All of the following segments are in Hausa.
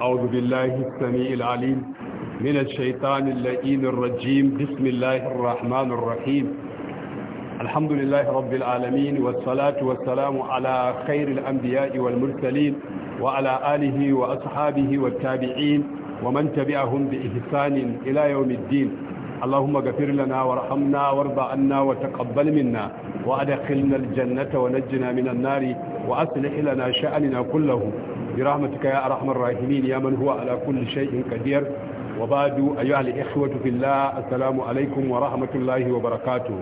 أعوذ بالله السميع العليم من الشيطان اللئيم الرجيم بسم الله الرحمن الرحيم الحمد لله رب العالمين والصلاة والسلام على خير الأنبياء والمرسلين وعلى آله وأصحابه والتابعين ومن تبعهم بإحسان إلى يوم الدين اللهم اغفر لنا وارحمنا وارض عنا وتقبل منا وأدخلنا الجنة ونجنا من النار وأصلح لنا شأننا كله برحمتك يا أرحم الراحمين يا من هو على كل شيء قدير وبعد أيها الإخوة في الله السلام عليكم ورحمة الله وبركاته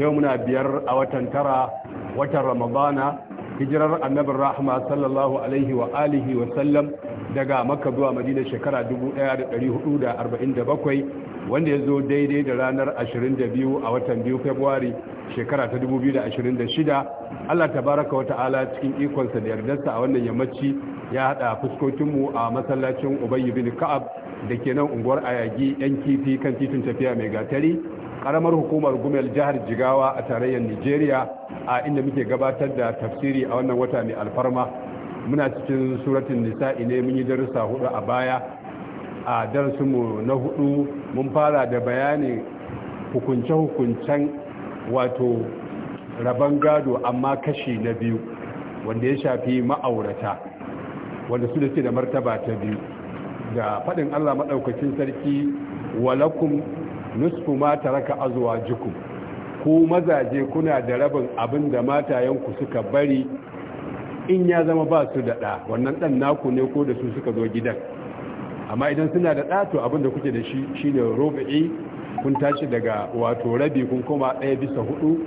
يومنا بير أو تنترى وتر رمضان hijirar annabin rahama sallallahu alaihi wa alihi wa sallam daga makka zuwa madina shekara 1447 wanda ya zo daidai da ranar 22 a watan 2 februari shekara ta 2026 allah tabaraka wata'ala cikin ikonsa da yardarsa a wannan yammaci ya hada fuskokinmu a masallacin ubayyubin ka'ab da ke nan unguwar ayagi yan kifi kan titin tafiya mai gatari karamar hukumar gumel jihar jigawa a tarayyar nigeria a inda muke gabatar da tafsiri a wannan wata mai alfarma muna cikin suratun nisa'i ne mun yi darussa hudu a baya a darasinmu na hudu mun fara da bayani hukunce-hukuncen wato rabon gado amma kashi na biyu wanda ya shafi ma'aurata wanda su da ke da martaba ta biyu da faɗin allah maɗaukacin sarki walakum nusfu ma azuwa jiku ku mazaje kuna da rabin abin da matayenku suka bari in ya zama ba su da ɗa wannan ɗan naku ne ko da su suka zo gidan amma idan suna da ɗa to abin da kuke da shi shine rubu'i kun tashi daga wato rabi kun koma ɗaya bisa hudu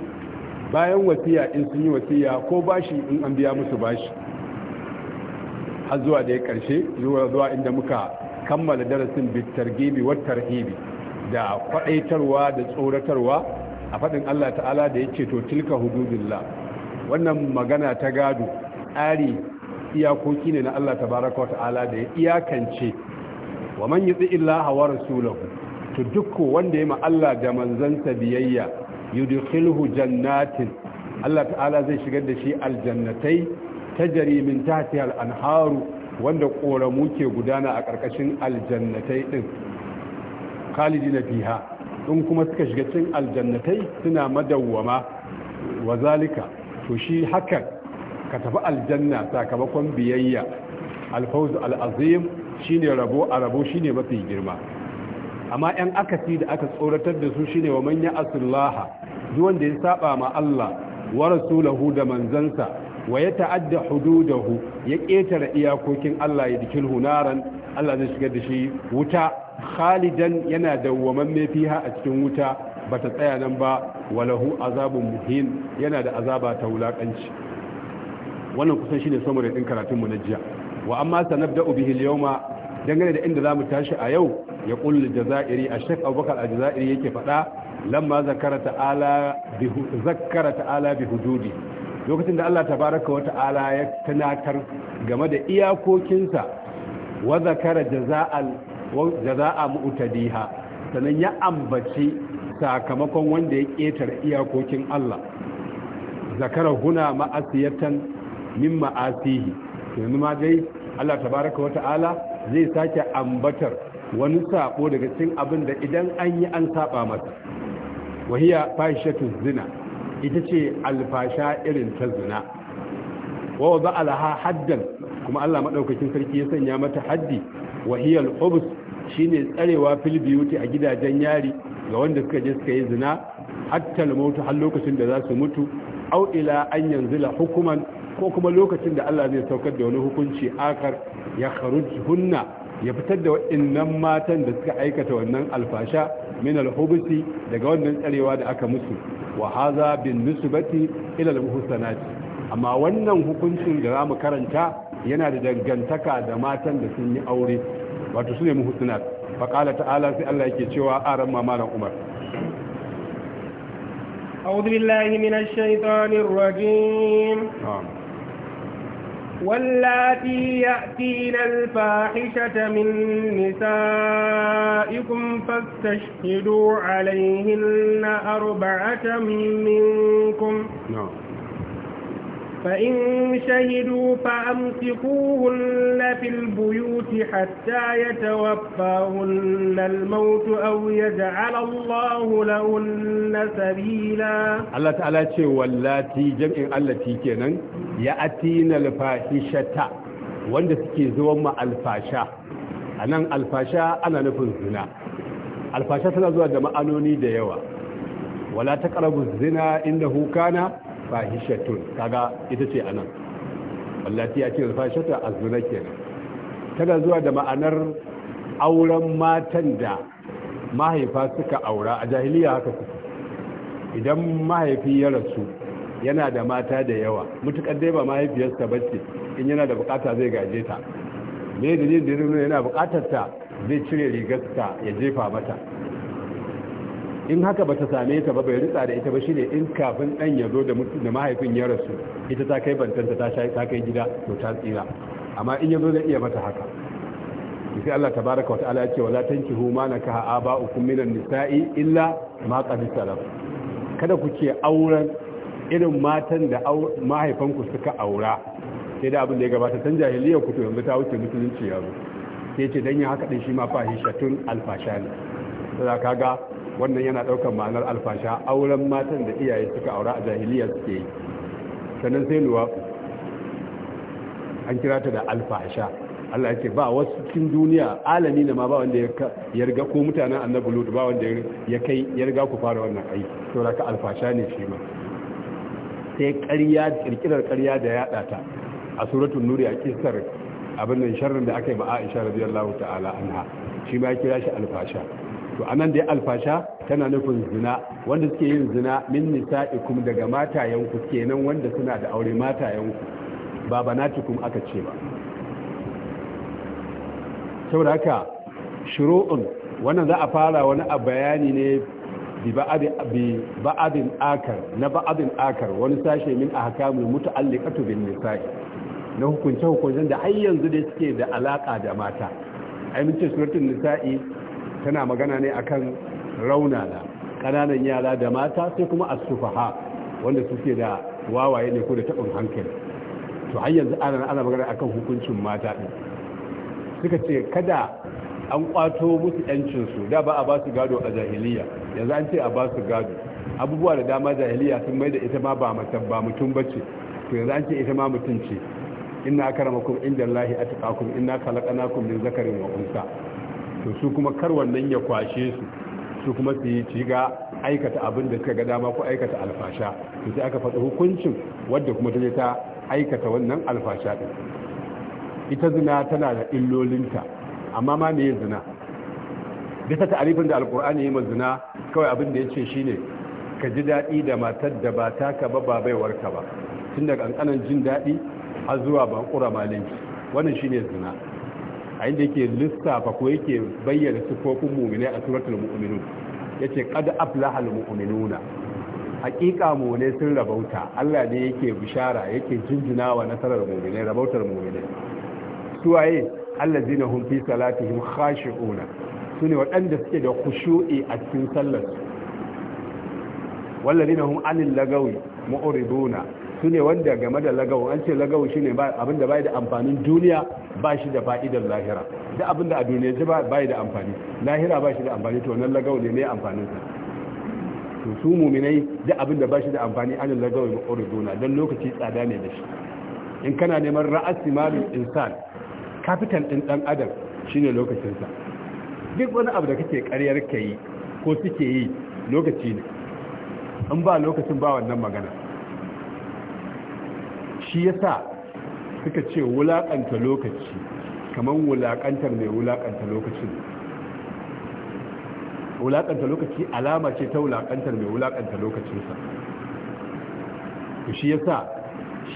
bayan wasiya in sun yi wasiya ko bashi in an biya musu bashi har zuwa da ya ƙarshe zuwa zuwa inda muka kammala darasin bitargibi wa tarhibi da kwaɗaitarwa da tsoratarwa a faɗin Allah ta'ala da yake to tilka hududillah wannan magana ta gado tsari iyakoki ne na Allah ta'ala da ya iyakance wa man yuti illaha wa rasulahu to duk wanda ma Allah da manzansa biyayya yudkhiluhu jannatin Allah ta'ala zai shigar da shi aljannatai tajri min tahtiha al-anharu wanda koramu ke gudana a ƙarƙashin aljannatai din khalidina fiha in kuma suka shiga cikin aljannatai suna madawwama wa zalika to shi hakan ka tafi aljanna sakamakon biyayya alfawz al'azim shine rabo a rabo shine mafi girma amma yan akasi da aka tsoratar da su shine wa manya asullaha duk wanda ya saba ma Allah wa rasulahu da manzansa wa ya ta'adda hududahu ya ketare iyakokin Allah ya dikilhu ran Allah zai shigar da shi wuta khalidan yana dawwamamme fiha a cikin wuta bata tsaya nan ba walahu azabun muhin yana da azaba ta wulakanci wannan kusan shine da din karatun mu na jiya wa amma sanabda'u bihi al-yawma dangane da inda zamu tashi a yau ya kullu jazairi ash-shaykh Abubakar al-Jazairi yake fada lamma zakara ta'ala bi zakara ta'ala bi lokacin da Allah tabaraka wa ta'ala ya tunatar game da iyakokinsa wa zakara jaza'al da za a mu'tadiha sannan ya ambaci sakamakon wanda ya ƙetare iyakokin Allah Zakarar huna ma'asiyatan min ma'asihi yanzu ma dai Allah tabaraka wa ta'ala zai sake ambatar wani sabo daga cikin abin da idan an yi an saba masa wahiya fashatu zina ita ce alfasha irin ta zina wa wada alaha haddan kuma Allah madaukakin sarki ya sanya mata haddi wahiyar obus shine tsarewa filibiyuti a gidajen yari ga wanda suka je suka yi zina hatta mutu har lokacin da za su mutu au ila an yanzila hukuman ko kuma lokacin da Allah zai saukar da wani hukunci akar ya hunna ya fitar da waɗannan matan da suka aikata wannan alfasha min alhubsi daga wannan tsarewa da aka musu wa hadha bin nisbati ila almuhsanat amma wannan hukuncin da za mu karanta yana da dangantaka da matan da sun yi aure wato su ne muhussinat faƙala ta'ala sai Allah yake cewa aran mamalan umar أعوذ بالله من الشيطان الرجيم آه. واللاتي يأتين الفاحشة من نسائكم فاستشهدوا عليهن أربعة منكم نعم فإن شهدوا فأمسكوهن في البيوت حتى يتوفاهن الموت أو يجعل الله لهن سبيلا الله تعالى ce wallati jam'in allati kenan ya atina alfahishata wanda suke zuwan ma alfasha anan alfasha ana nufin zina alfasha tana zuwa da ma'anoni da yawa wala taqrabu zina innahu kana fahishatun kaga ita ce anan wallahi ya ce fahishatu azuna ke. tana zuwa da ma'anar auren matan da mahaifa suka aura a jahiliya haka su idan mahaifi ya rasu yana da mata da yawa mutukar dai ba mahaifiyarsa ce in yana da bukata zai gaje ta me da jin da yana bukatar ta zai cire rigarsa ya jefa mata in haka ba ta same ta ba bai ritsa da ita ba shine in kafin dan ya zo da mahaifin ya rasu ita ta kai bantanta ta shayi ta kai gida to ta tsira amma in ya zo zai iya mata haka sai Allah tabaraka wa ta'ala ya ce wala tankihu ma ba aba'ukum minan nisa'i illa ma qad salaf kada ku ce auren irin matan da mahaifanku suka aura sai da abin da ya gabata tan jahiliyar ku to yanzu ta wuce musulunci yaro, sai ce dan yin haka din shi ma fahishatun alfashani ne ka ga. wannan yana ɗaukar ma'anar alfasha auren matan da iyaye suka aura a jahiliya suke yi sannan sai nuwa an kira ta da alfasha Allah yake ba wasu cikin duniya alami na ma ba wanda ya riga ko mutanen annabi lut ba wanda ya kai ya ku fara wannan aiki to raka alfasha ne shi ma sai ƙarya kirkirar ƙarya da ya ta a suratul nuri a kissar abin nan sharrin da aka yi ba Aisha radiyallahu ta'ala anha shi ma kira shi alfasha to anan dai alfasha tana nufin zina wanda suke yin zina min nisa'ikum daga matayenku kenan wanda suna da aure matayenku ba banatikum aka ce ba saboda haka shuru'un wannan za a fara wani a bayani ne bi ba'adin akar na ba'adin akar wani sashe min ahkamul muta'alliqatu bin nisa'i na hukunce hukuncen da har yanzu dai suke da alaka da mata ai mun ce suratul nisa'i tana magana ne akan raunana ƙananan yara da mata sai kuma asufaha wanda suke da wawaye ne ko da taɓin hankali to har yanzu ana ana magana akan hukuncin mata ɗin suka ce kada an ƙwato musu ƴancinsu, da ba a ba su gado a jahiliya yanzu an ce a ba su gado abubuwa da dama jahiliya sun mai da ita ma ba mutum ba mutum bace to yanzu an ce ita ma mutum ce inna akramakum indallahi atqakum inna khalaqnakum min zakarin wa unsa to su kuma kar wannan ya kwashe su su kuma su yi ga aikata abin da suka ga dama ko aikata alfasha to sai aka faɗi hukuncin wadda kuma ta ta aikata wannan alfasha ɗin ita zina tana da illolinta amma ma me zina bisa ta'arifin da alkur'ani ya zina kawai abin da ya ce shine ka ji daɗi da matar da ba ta ka ba babaiwar ka ba tun daga ƙanƙanan jin daɗi har zuwa ban malinki wannan shine zina a inda yake lissafa ko yake bayyana sifofin mu'mini a suratul mu'minun yace qad aflaha almu'minuna hakika ne sun rabauta Allah ne yake bishara yake jinjinawa nasarar muminai rabautar mu'mini suwaye allazina hum fi salatihim khashi'una sune wadanda suke da khushu'i a cikin sallar su wallazina hum anil lagawi mu'riduna su ne wanda game da lagawo an ce lagawo shi ne abinda bai da amfanin duniya ba shi da fa'idar lahira da abinda a duniya ji bai da amfani lahira ba shi da amfani to wannan lagawo ne mai amfaninsa to su muminai da abinda ba shi da amfani an lagawo ba oridona don lokaci tsada ne da shi in kana neman ra'asi malin insan kafitan ɗin ɗan adam shi ne lokacinsa duk wani abu da kake karyar ka yi ko suke yi lokaci ne in ba lokacin ba wannan magana shi ya sa suka ce wulaƙanta lokaci kamar wulaƙantar mai wulaƙanta lokacin wulaƙanta lokaci alama ce ta wulaƙantar mai wulaƙanta lokacinsa shi ya sa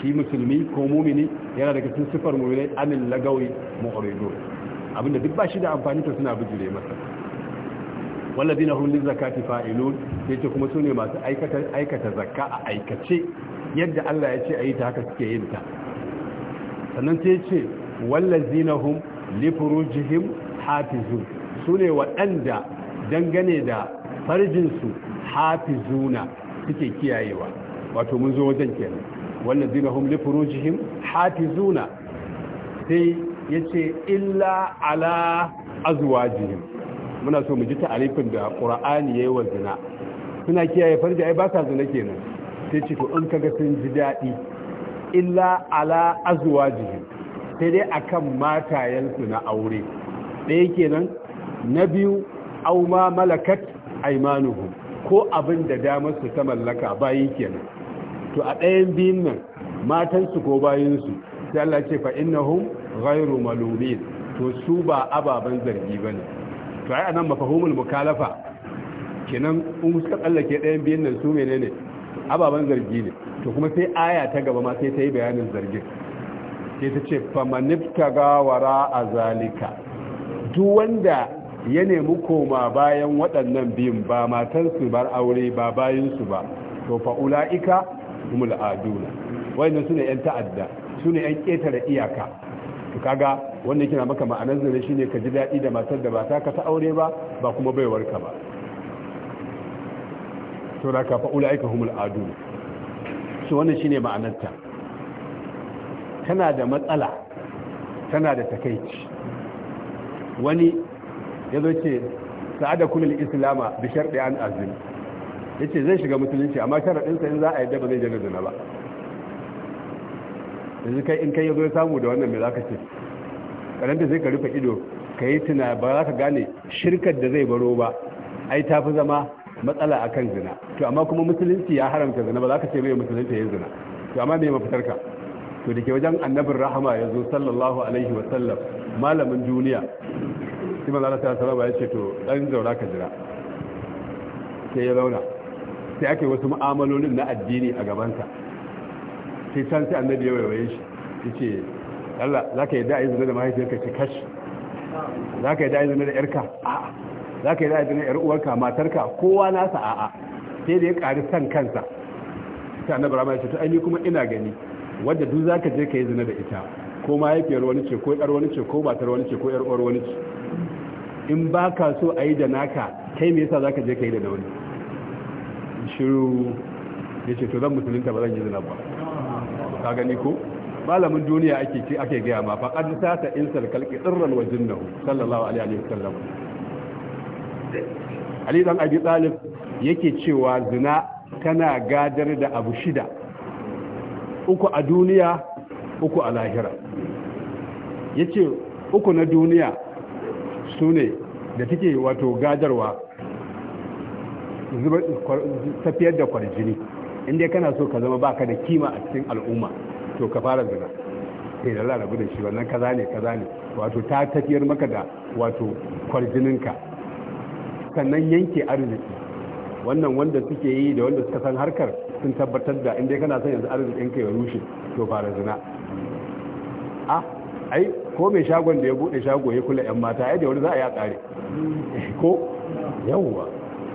shi musulmi ko mumini yana daga cikin sifar mumini amin lagawi mu'ridu abinda duk ba shi da amfani ta suna bijire masa walladina hum lizakati fa'ilun ce kuma sune masu aikata aikata zakka a aikace yadda Allah ya ce a yi ta haka suke yin ta sannan sai ce wallazina hum li furujihim hafizun sune waɗanda dangane da farjinsu hafizuna suke kiyayewa wato mun zo wajen kenan wallazina hum li furujihim hafizuna sai ya ce illa ala azwajihim muna so mu ji alifin da qur'ani yi wa zina suna kiyaye farji ai ba sa zina kenan sai ce to in kaga sun ji daɗi illa ala azuwa sai dai akan matayensu na aure ɗaya kenan na biyu auma malakat aimanuhu ko abin da damar su ta mallaka bayi kenan to a ɗayan biyun nan matansu ko bayinsu sai Allah ce fa innahum ghairu malumin to su ba ababen zargi bane to ai anan mafahumul mukalafa kenan in suka tsallake ɗayan biyun nan su menene ababen zargi ne to kuma sai aya ta gaba ma sai ta yi bayanin zargin sai ta ce famanifta gawara a zalika duk wanda ya nemi koma bayan waɗannan biyun ba matarsu bar aure ba bayansu ba to fa'ula'ika humul aduna su ne 'yan ta'adda su ne 'yan ƙetare iyaka to kaga wanda yake na maka ma'anar zane shine ka ji daɗi da matar da ba ta ka ta aure ba ba kuma baiwarka ba saboda ka fa ulaika humul adun su wannan shine ma'anarta tana da matsala tana da takeici wani yazo ce sa'ada kullu islama bi sharɗi an azim yace zai shiga musulunci amma sharadin sa in za a yadda ba zai jana zina ba yanzu kai in kai yazo zo samu da wannan me zaka ce karanta sai ka rufe ido ka yi tuna ba za ka gane shirkar da zai baro ba ai ta fi zama matsala a kan zina to amma kuma musulunci ya haramta zina ba za ka ce mai musulunci ya zina to amma me mafitar ka to da ke wajen annabin rahama ya zo sallallahu alaihi wa sallam malamin duniya sai manzo Allah sallallahu alaihi ya ce to dan zaura ka jira sai ya zauna sai ake wasu mu'amalolin na addini a gabansa sai can sai annabi ya waye shi yace Allah zaka yi da'i zina da mahaifiyarka ce Za zaka yi da'i zina da yarka a'a za ka yi za'a na 'yar uwarka matarka kowa nasa a'a sai da ya ƙari san kansa ta na barama ya ce to ai ni kuma ina gani wadda duk za ka je ka yi zina da ita ko mahaifiyar wani ce ko 'yar wani ce ko matar wani ce ko 'yar uwar wani ce in ba ka so a yi da naka kai me yasa za ka je ka yi da wani shiru ya ce to zan musulunta ba zan yi zina ba ka gani ko malamin duniya ake ce ake gaya ma faqad sata insal khalqi irran wa jinnahu sallallahu alaihi wa sallam Ali Abi Talib yake cewa zina tana gadar da abu shida uku a duniya uku a lahira yace uku na duniya sune da take wato gadarwa tafiyar da kwarjini inda kana so ka zama baka da kima a cikin al'umma to ka fara zina sai eh, da larabu da shi wannan kaza ne kaza ne wato ta tafiyar maka da wato kwarjininka sannan yanke arziki wannan wanda suke yi da wanda suka san harkar sun tabbatar da inda kana son yanzu arzikin ka ya rushe to fara zina a ai ko mai shagon da ya bude shago ya kula yan mata ai da wani za a yi a kare ko yawwa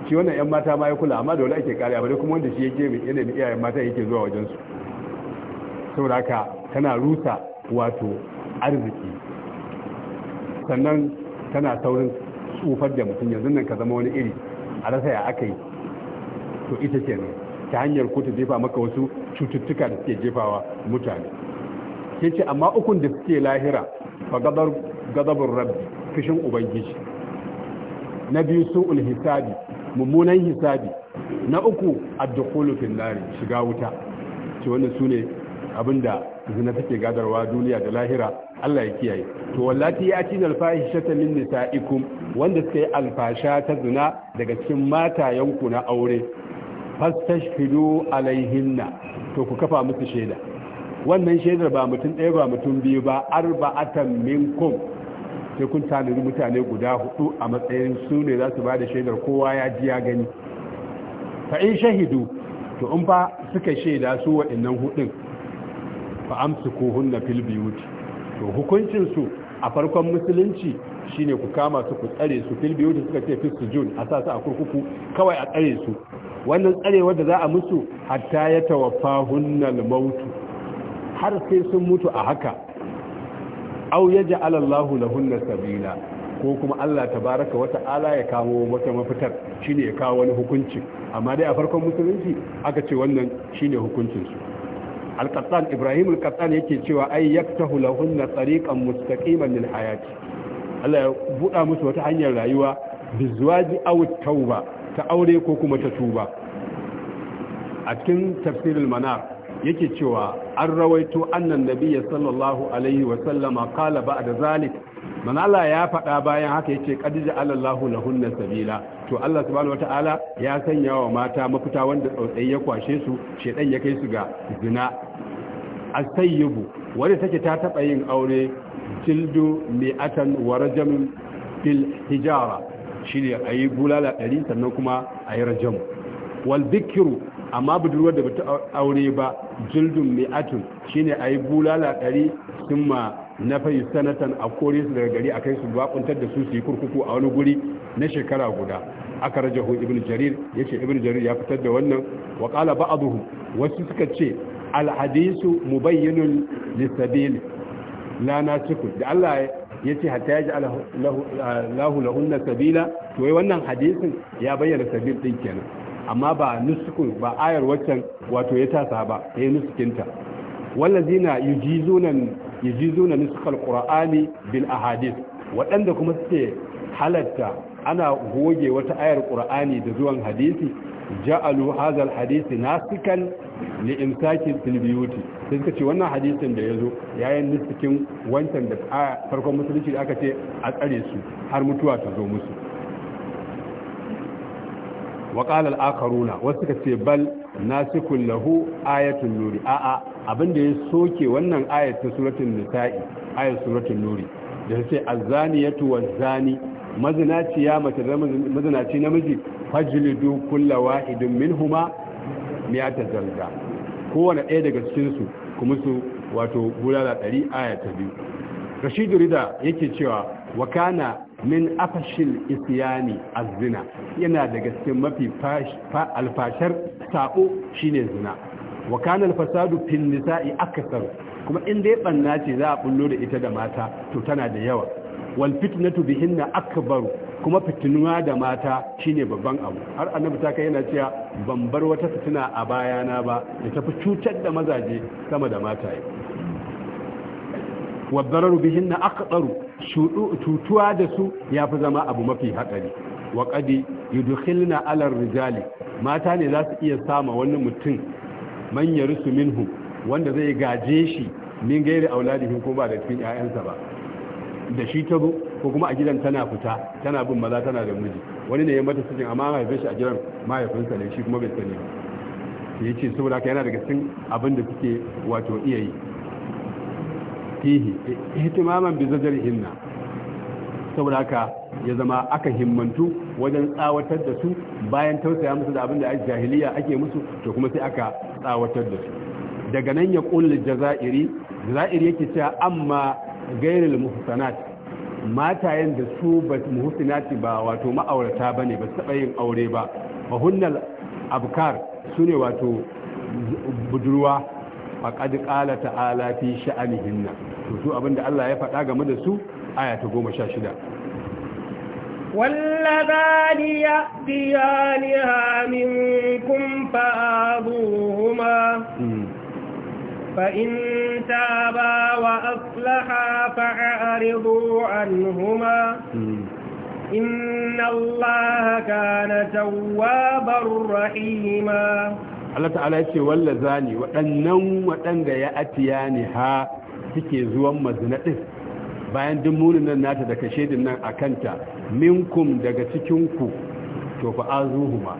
shi wannan yan mata ma ya kula amma da wani ake kare amma kuma wanda shi yake mai yanayin iyayen mata yake zuwa wajen su saboda haka tana rusa wato arziki sannan tana saurin tsufar da mutum yanzu nan ka zama wani iri a rasa ya aka yi to ita ce nan ta hanyar ko ta jefa maka wasu cututtuka da suke jefawa mutane sai ce amma ukun da suke lahira fa gadar gadabur rabbi fishin ubangiji na biyu su'ul hisabi mummunan hisabi na uku ad-dukhulu fil shiga wuta ce wannan sune abinda zina take gadarwa duniya da lahira Allah ya kiyaye to wallahi ya ci fahishata min nisaikum wanda suka yi alfasha ta zina daga cikin matayenku na aure fastashhidu alaihinna to ku kafa musu shaida wannan shaidar ba mutum ɗaya ba mutum biyu ba arba'atan minkum sai kun tanadi mutane guda hudu a matsayin su ne za su ba da shaidar kowa ya ji ya gani fa in shahidu to in fa suka shaida su waɗannan hudun fa amsukuhunna fil biyuti to hukuncinsu a farkon musulunci shine ku kama su ku tsare su fil biyu da suka ce fil sujud a sa a kurkuku kawai a tsare su wannan tsarewar da za a musu hatta ya tawaffa hunnal mautu har sai sun mutu a haka au ya Allahu lahunna sabila ko kuma Allah tabaraka wa ta'ala ya kawo wata mafitar shine ya kawo wani hukunci amma dai a farkon musulunci aka ce wannan shine hukuncin su al ibrahim al yake cewa ai yaktahu lahunna tariqan mustaqiman lil hayati Allah ya buɗa musu wata hanyar rayuwa bizwaji aw tauba ta aure ko kuma ta tuba a cikin tafsirul manar yake cewa an rawaito annan nabiyyi sallallahu alaihi wa sallama qala ba'da zalik manala ya faɗa bayan haka yace qad ja'ala lahunna sabila to Allah subhanahu wata'ala ya sanya wa mata mafita wanda tsautsayi ya kwashe su shedan ya kai su ga zina asayyibu wanda take ta taba yin aure tildu mi'atan wa rajamin fil hijara shine ayi bulala 100 sannan kuma ayi rajam wal bikru amma budurwar da bata aure ba jildun mi'atun shine ayi bulala 100 ma. na fayi sanatan a kore su daga gari a kai su bakuntar da su su yi kurkuku a wani guri na shekara guda aka hu ibn jarir ya ce ibn jarir ya fitar da wannan wa qala ba'dhum wasu suka ce alhadisu hadisu mubayyinun lisabil la nasikun da Allah ya ce hatta ya ji lahu na sabila to yi wannan hadisin ya bayyana sabil din kenan amma ba nusukun ba ayar waccan wato ya tasa ba ya yi nusukinta wallazina yujizunan yajizuna nisqal qur'ani bil ahadith waɗanda kuma suke halatta ana goge wata ayar qur'ani da zuwan hadisi ja'alu hadha al hadisi nasikan li imsakin fil biyuti sai suka ce wannan hadisin da yazo yayin niskin wancan da farkon musulunci da aka ce a tsare su har mutuwa ta zo musu wa qala al akharuna wasu suka ce bal nasikun lahu ayatul nuri a'a abin da ya soke wannan ayat ta suratul nisa'i ayat suratul nuri da ta ce azzaniyatu wazzani mazinaciya mace da mazinaci namiji fajlidu kulla wahidin minhuma miyata zalga kowane ɗaya daga cikin su kuma su wato bulala ɗari aya ta biyu rashidu rida yake cewa wa kana min afashil isyani azzina yana daga cikin mafi alfashar sabo shine zina wa kana al-fasadu fil nisa'i akthar kuma in dai banna ce za a bullo da ita da mata to tana da yawa wal fitnatu bihinna akbar kuma fitinuwa da mata shine babban abu har annabi ta kai yana cewa ban bar wata fitina a bayana ba da tafi cutar da mazaje sama da mata yi wa dararu bihinna akbaru cutuwa da su yafi zama abu mafi haɗari, wa qadi yudkhilna ala rijali mata ne za su iya sama wani mutum man yarisu minhu wanda zai gaje shi min gairi auladihim ko ba da cikin ƴaƴansa ba da shi ta zo ko kuma a gidan tana fita tana bin maza tana da miji wani ne ya mata cikin amma haife shi a gidan mahaifinsa ne shi kuma bai sani ba ya ce saboda haka yana daga cikin abin da suke wato iya yi fihi ihtimaman bi hinna saboda haka ya zama aka himmantu wajen tsawatar da su bayan tausaya musu da abin da a jahiliya ake musu to kuma sai aka tsawatar da su daga nan ya kulli jaza'iri jaza'iri yake cewa amma gairil muhsanat matayen da su ba muhsanati ba wato ma'aurata bane ba su yin aure ba fa hunnal abkar sune wato budurwa a qad qala ta'ala fi sha'anihinna to su abinda Allah ya faɗa game da su aya ta 16 واللذان يأتيانها منكم فآذوهما فإن تابا وأصلحا فأعرضوا عنهما إن الله كان توابا رحيما Allah ta'ala ya ce walla zani waɗannan waɗanda ya atiya ni ha suke zuwan mazinaɗin, bayan duk nan nata da kashe din nan a kanta minkum daga cikinku to fa azuhuma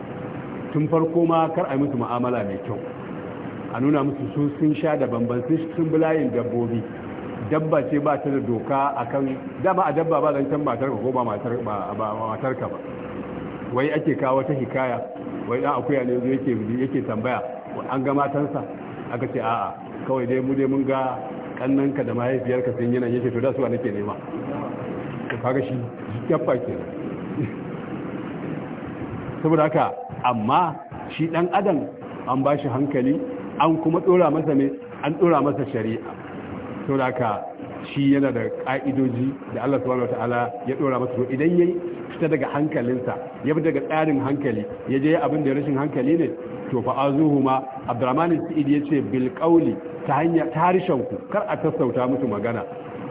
tun farko ma kar a musu mu'amala mai kyau a nuna musu su sun sha da bamban sun bulayin dabbobi dabba ce ba ta da doka akan dama a dabba ba zancen matar ko ba matar ka ba wai ake kawo wata hikaya wai dan akuya ne yake yake tambaya an ga matansa aka ce a'a kawai dai mu dai mun ga kannanka da mahaifiyarka sun yana yake to da su nake nema kaga shi yaffa ke saboda haka amma shi dan adam an ba shi hankali an kuma dora masa ne an dora masa shari'a saboda haka shi yana da ka'idoji da Allah subhanahu wataala ya dora masa to idan yayi fita daga hankalinsa ya bi daga tsarin hankali ya je abin da rashin hankali ne to fa azuhuma abdurrahman sa'id yace bil qawli ta hanya ta kar a tassauta musu magana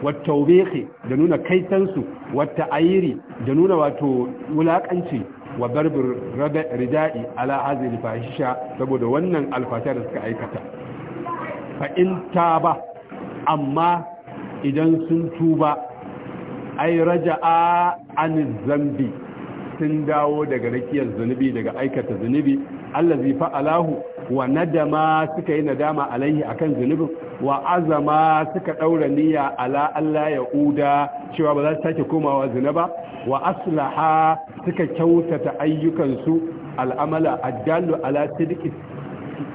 wattaubekhi da nuna kaitansu wata ayiri da nuna wato wulakanci wa barbin rida'i ala hazin fahisha saboda wannan alfasar da suka aikata fa ba amma idan sun tuba ai raja'a an zambi sun dawo daga rakiyar zunubi daga aikata zunubi allazi fa'alahu wa nadama suka yi nadama alaihi akan zunubin wa azama suka daura niyya ala Allah ya uda cewa ba za su sake komawa zina ba wa aslaha suka kyautata ayyukansu al'amala addallu ala sidqi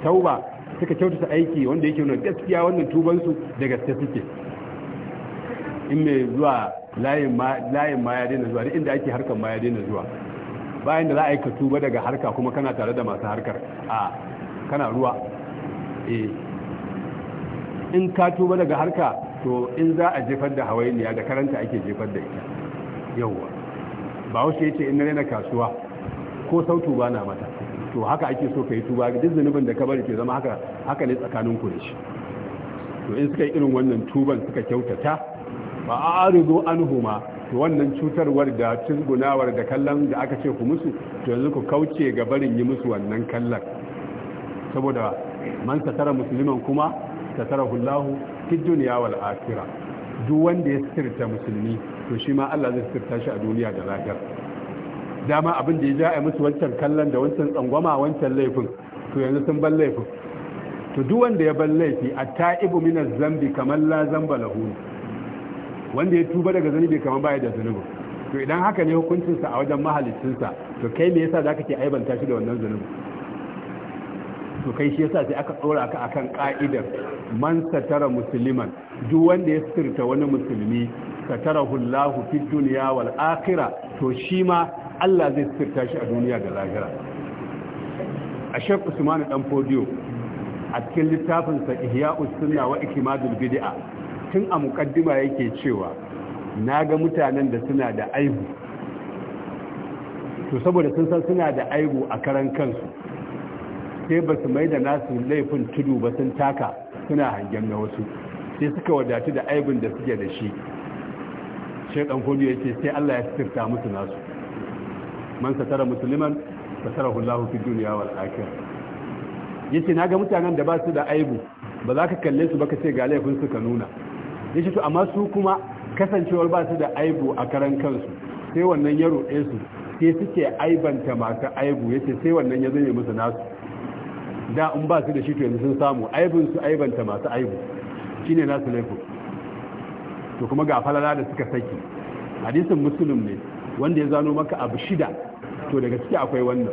tauba suka kyautata aiki wanda yake nuna gaskiya wannan tuban su da gaske suke in mai zuwa layin ma layin ma ya daina zuwa inda ake harkar ma ya daina zuwa bayan da za a yi ka tuba daga harka kuma kana tare da masu harkar a kana ruwa eh in ka tuba daga harka to in za a jefar da hawainiya da karanta ake jefar da ita yauwa ba wasu ya ce in na kasuwa ko sautu ba na mata to haka ake so ka yi tuba duk zunubin da ka bari ke zama haka haka ne tsakanin ku da shi to in suka yi irin wannan tuban suka kyautata ba a arzo huma. to wannan cutarwar da cizgunawar da kallon da aka ce ku musu to yanzu ku kauce ga barin yi musu wannan kallon saboda man satara musulman kuma satara hullahu fi duniya wal akhirah duk wanda ya sirta musulmi to shi ma Allah zai sirta shi a duniya da lahira dama abin da ya ja'a musu wancan kallon da wancan tsangwama wancan laifin to yanzu sun ban laifin to duk wanda ya ban laifi a ta'ibu minas zambi kamar la zamba lahu wanda ya tuba daga zunubi kamar baya da zunubi to idan haka ne hukuncinsa a wajen mahalicinsa to kai me yasa zaka ke aibanta shi da wannan zunubi to kai shi yasa sai aka tsora ka akan ka'idar man satara musliman duk wanda ya sirta wani musulmi satarahu Allahu fi dunya wal akhirah to shi ma Allah zai sirta shi a duniya da lahira a shek Usman dan Fodio a cikin littafin sa Ihya'us Sunna wa Ikmadul Bid'a tun a mukaddima yake cewa naga mutanen da suna da aibu to saboda sun san suna da aibu a karan kansu sai ba su mai da nasu laifin tudu ba sun taka suna hangen na wasu sai suka wadatu da aibin da suke da shi shi hudu ya ce sai Allah ya sirta musu nasu man satara musulman satara hullahu fi duniya wal akhir yace naga mutanen da ba su da aibu ba za ka kalle su ba ka ce ga laifin su ka nuna yace to amma su kuma kasancewar ba su da aibu a karan kansu sai wannan ya roɗe su sai suke aibanta masu aibu yace sai wannan ya zame musu nasu da in ba su da shi to yanzu sun samu aibin su aibanta masu aibu ne nasu laifin to kuma ga falala da suka saki hadisin musulun ne wanda ya zano maka abu shida to daga ciki akwai wannan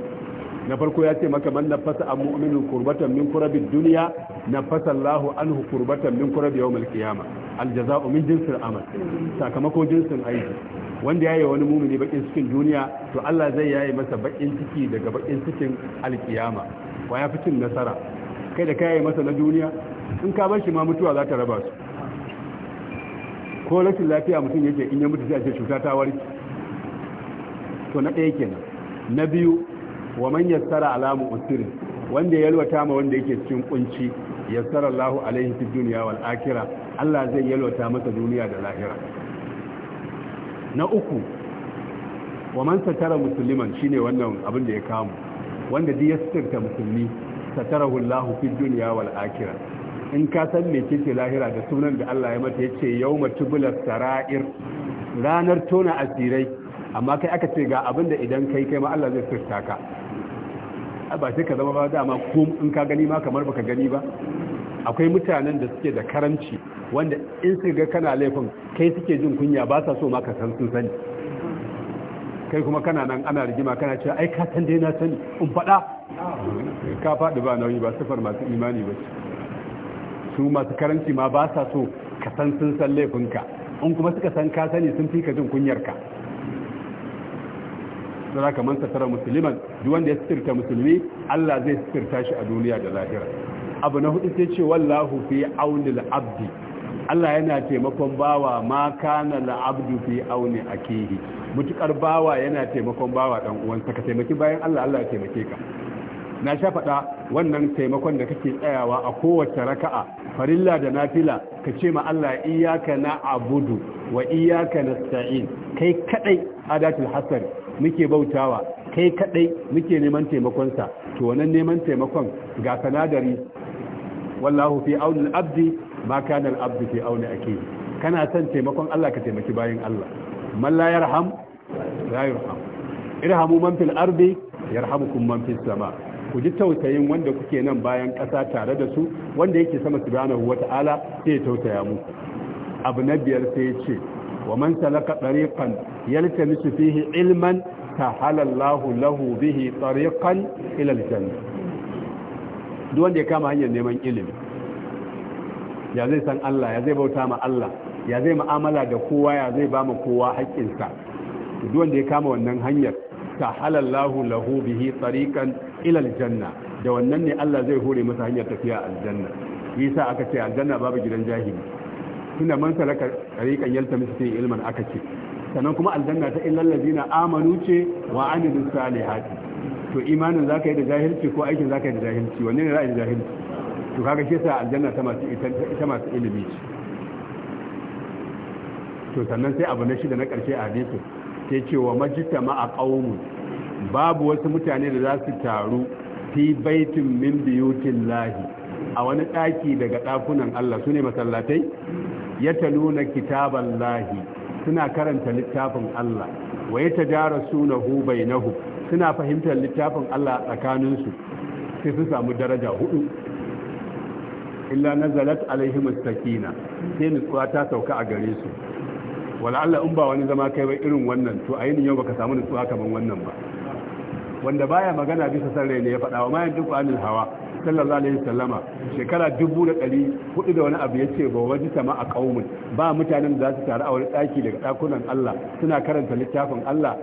na farko ya ce maka man fasa an mu'minin kurbatan min kurabid duniya na fasa Allahu anhu kurbatan min kurabi yawmal kiyama aljaza'u min jinsin amal sakamako jinsin aiki wanda ya yi wani mumini bakin cikin duniya to Allah zai yayi masa bakin ciki daga bakin cikin alkiyama wa ya fi cin nasara kai da kayayi masa na duniya in ka bar shi ma mutuwa za ta raba su ko rashin lafiya mutum yake in ya mutu sai a ce cuta ta warki, to na ɗaya kenan na biyu wa man yassara alamun usirin wanda ya yalwata ma wanda yake cikin kunci tsara Allahu alaihi fi duniya wal Allah zai yalwata masa duniya da lahira na uku wa man satara musulman shine wannan abin da ya kamu wanda duk ya musulmi satarahu Allah fi duniya wal akhirah in ka san me kike lahira da sunan da Allah ya mata yace yawma tubul sarair ranar tona asirai amma kai aka ce ga abin idan kai kai ma Allah zai sirta ka ba sai ka zama ba dama kum in ka gani ma kamar baka gani ba akwai mutanen da suke da karamci wanda in su ga kana laifin kai suke jin kunya ba sa so ma ka san sun sani kai kuma kana nan ana rigima kana cewa ai ka san dai na sani in faɗa ka faɗi ba nauyi ba sifar masu imani ba su masu karanci ma ba sa so ka san sun san laifinka in kuma suka san ka sani sun fi ka jin kunyarka sai ka man satara musulman duk wanda ya sirta musulmi Allah zai sirta shi a duniya da lahira abu na hudu sai ce wallahu fi aunil abdi Allah yana taimakon bawa ma kana la'abdu fi auni akihi mutukar bawa yana taimakon bawa dan uwansa ka taimaki bayan Allah Allah ya taimake ka na sha faɗa wannan taimakon da kake tsayawa a kowace raka'a farilla da nafila ka ce ma Allah iyyaka Abudu wa iyyaka nasta'in kai kadai adatul hasan muke bautawa kai kadai muke neman taimakon sa to wannan neman taimakon ga sanadari wallahu fi auni abdi ma kana al-abdu fi auni akhi kana san taimakon Allah ka taimaki bayin Allah man la yarham la yarham irhamu man fil ardi yarhamukum man fis sama ku ji tausayin wanda kuke nan bayan ƙasa tare da su wanda yake sama subhanahu wata'ala sai ya tausaya mu abu na biyar sai ya ce wa man salaka tariqan yaltamisu fihi ilman sahala Allahu lahu bihi tariqan ila aljanna duk wanda ya kama hanyar neman ilimi ya zai san Allah ya zai bauta ma Allah ya zai mu'amala da kowa ya zai ba ma kowa haƙƙinsa duk wanda ya kama wannan hanyar ta halallahu lahu bihi tariqan ila aljanna da wannan ne Allah zai hore masa hanyar tafiya aljanna yasa aka ce aljanna babu gidan jahili tunda man salaka tariqan yaltamisu fi ilman aka ce sannan kuma aljanna ta illal ladina amanu ce wa amilus salihati to imanin zaka yi da jahilci ko aikin zaka yi da jahilci wanne ne ra'ayin jahilci to kaga shi sa aljanna ta masu ita masu ilimi to sannan sai abu na shi da na karshe a hadisi ke cewa majita ma a babu wasu mutane da za su taru fi baitin min biyutin lahi a wani ɗaki daga dakunan Allah sune masallatai nuna kitaban lahi suna karanta littafin Allah wa ta bainahu suna fahimtar littafin Allah tsakaninsu sai su samu daraja hudu illa nazalat alaihim sakina sai nutsuwa ta sauka a gare su wala Allah in ba wani zama kai ba irin wannan to a yinin yau baka samu nutsuwa kaman wannan ba wanda baya magana bisa san rai ne ya faɗa wa mayan duk anil hawa sallallahu alaihi wasallama shekara dubu da ɗari hudu da wani abu ya ce ba waji sama a kaumin ba mutanen da za su taru a wani ɗaki daga ɗakunan Allah suna karanta littafin Allah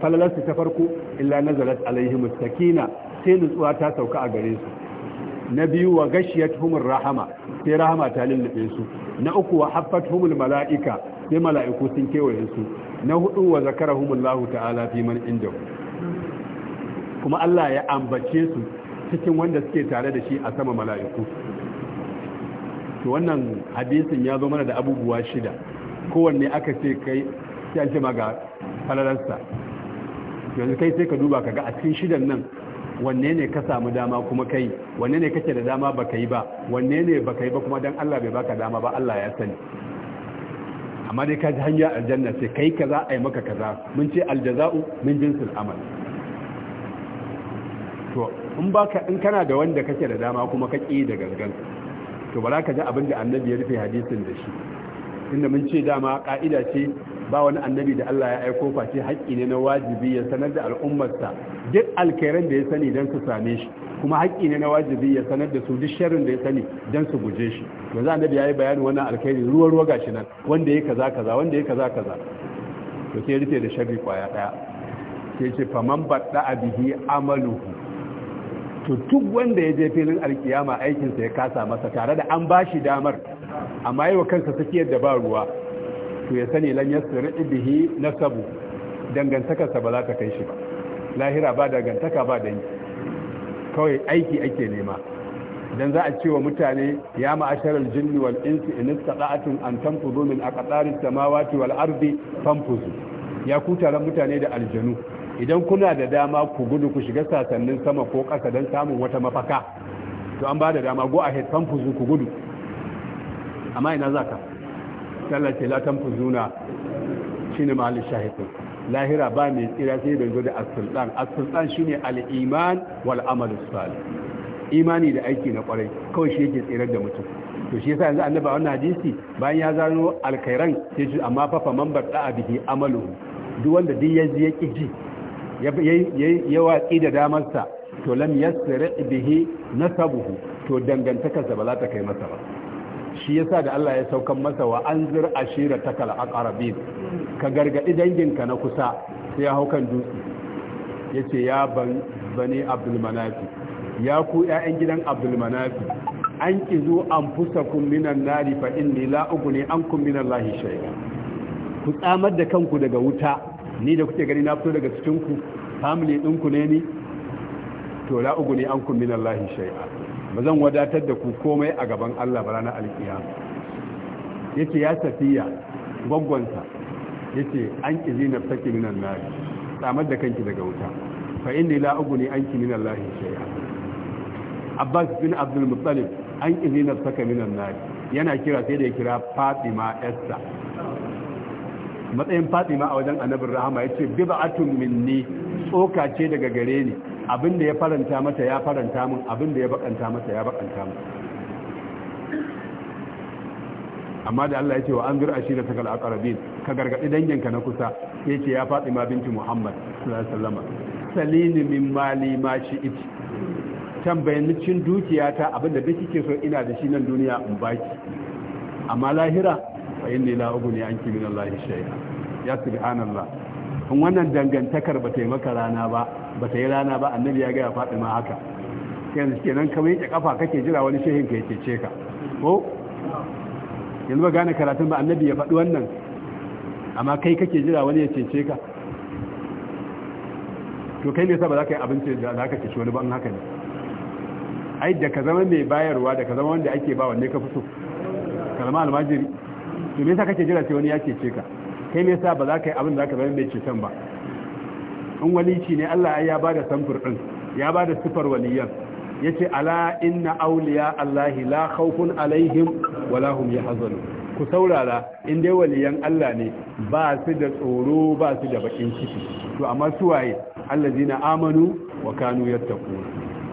falalarsu ta farko illa nazalat alaihi mustakina sai nutsuwa ta sauka a gare su na biyu wa gashiyat humur rahama sai rahama ta lullube su na uku wa haffat humul mala'ika sai mala'iku sun kewaye su na hudu wa zakarahumullahu ta'ala fi man indahu kuma Allah ya ambace su cikin wanda suke tare da shi a sama mala'iku to wannan hadisin ya zo mana da abubuwa shida kowanne aka ce kai sai an falalarsa yanzu kai sai ka duba ka ga a cikin shidan nan wanne ne ka samu dama kuma kai wanne ne kake da dama baka yi ba wanne ne baka yi ba kuma dan Allah bai baka dama ba Allah ya sani amma dai ka ji hanya aljanna sai kai kaza ai maka kaza mun ce aljaza'u min jinsil amal to in baka in kana da wanda kake da dama kuma ka ki da gangan to ba za ka ji abin da annabi ya rufe hadisin da shi inda mun ce dama ka'ida ce ba wani annabi da Allah ya aiko face haƙƙi ne na wajibi ya sanar da al'ummarsa duk alkairan da ya sani don su same shi kuma haƙƙi ne na wajibi ya sanar da su duk sharrin da ya sani don su guje shi yanzu annabi ya yi bayani wannan alkairi ruwa ruwa gashi nan wanda ya kaza kaza wanda ya kaza kaza to sai rufe da sharri kwaya daya sai ce faman badda abihi amaluhu to duk wanda ya je filin alkiyama aikinsa ya kasa masa tare da an bashi damar amma yi wa kansa tafiyar da ba ruwa to ya sani lan yasri bihi nasabu dangantaka sa ba za ta kai shi ba lahira ba dangantaka ba dangi kawai aiki ake nema dan za a ce wa mutane ya ma'ashar aljinni wal insi in istata'tum an tanfudu min aqtaris samawati wal ardi fanfuzu ya ku taron mutane da aljanu idan kuna da dama ku gudu ku shiga sasannin sama ko ƙasa don samun wata mafaka to an ba da dama go ahead fanfuzu ku gudu amma ina za ka Allah ce la tanfuzuna shine mahallin shahidin lahira ba mai tsira sai da da as-sultan sultan shine al-iman wal amal salih imani da aiki na kwarai kawai shi yake tsirar da mutum to shi yasa yanzu annabi wannan hadisi bayan ya zano alkhairan sai shi amma fa faman barda bihi amalu duk wanda duk yaji ya kiji ya watsi da damarsa to lam yasri bihi nasabuhu to dangantakarsa ba za ta kai masa ba shi ya sa da Allah ya saukan masa wa anzir ashira takal ƙarabin. ka gargaɗi danginka na kusa sai ya hau kan dutse Ya ce ya ban bane abdul manafi ya ku ƴaƴan gidan abdul manafi an fusa kumminan minan nari fa inni ne an kumminan Lahi shaida ku tsamar da kanku daga wuta ni da kuke gani na fito daga cikinku? ku family ɗinku ne ni to ne an kumminan Lahi shaida ba zan wadatar da ku komai a gaban Allah ba ranar Ya ce ya safiya Ya ce an kizi na saki minan nari samar da kanki daga wuta fa inni la uguni anki minan lahi shay'a Abbas bin Abdul Muttalib an kizi na saka minan nari yana kira sai da ya kira Fatima esta matsayin Fatima a wajen Annabi Rahama ya ce, bi bid'atun minni tsoka ce daga gare ni abin da ya faranta mata ya faranta mun, abin da ya bakanta mata ya bakanta mun. amma da Allah ya ce wa an zura shi da takal aqrabin ka gargadi danginka na kusa yace ya Fatima binti Muhammad sallallahu alaihi wasallam salini min mali ma shi it tambayin cin dukiyata abin da biki kike so ina da shi nan duniya in baki amma lahira fa inni la ughni anki min Allah shay'a ya subhanallah in wannan dangantakar ba ta yi maka rana ba ba ta yi rana ba annabi ya gaya faɗi ma haka yanzu kenan ka miƙe kafa kake jira wani shehin ka yake ce ka ko yanzu ba gane karatun ba annabi ya faɗi wannan amma kai kake jira wani ya cece ka to kai ne saboda za ka yi abinci da za ka ceci wani ban haka ne ai da ka zama mai bayarwa da ka zama wanda ake ba wanne ka fi so kalma almajiri to me yasa kake jira sai wani ya cece ka kai ne sa ba za ka yi abin da aka bayan zama mai ceton ba in walici ne Allah ya ba da samfur ɗin ya ba da sifar waliyan ya ce ala inna auliya Allahi la haukun alaihim walahum ya hazanu ku saurara in dai waliyan Allah ne ba su da tsoro ba su da bakin ciki to amma su waye na amanu wa kanu yattaqun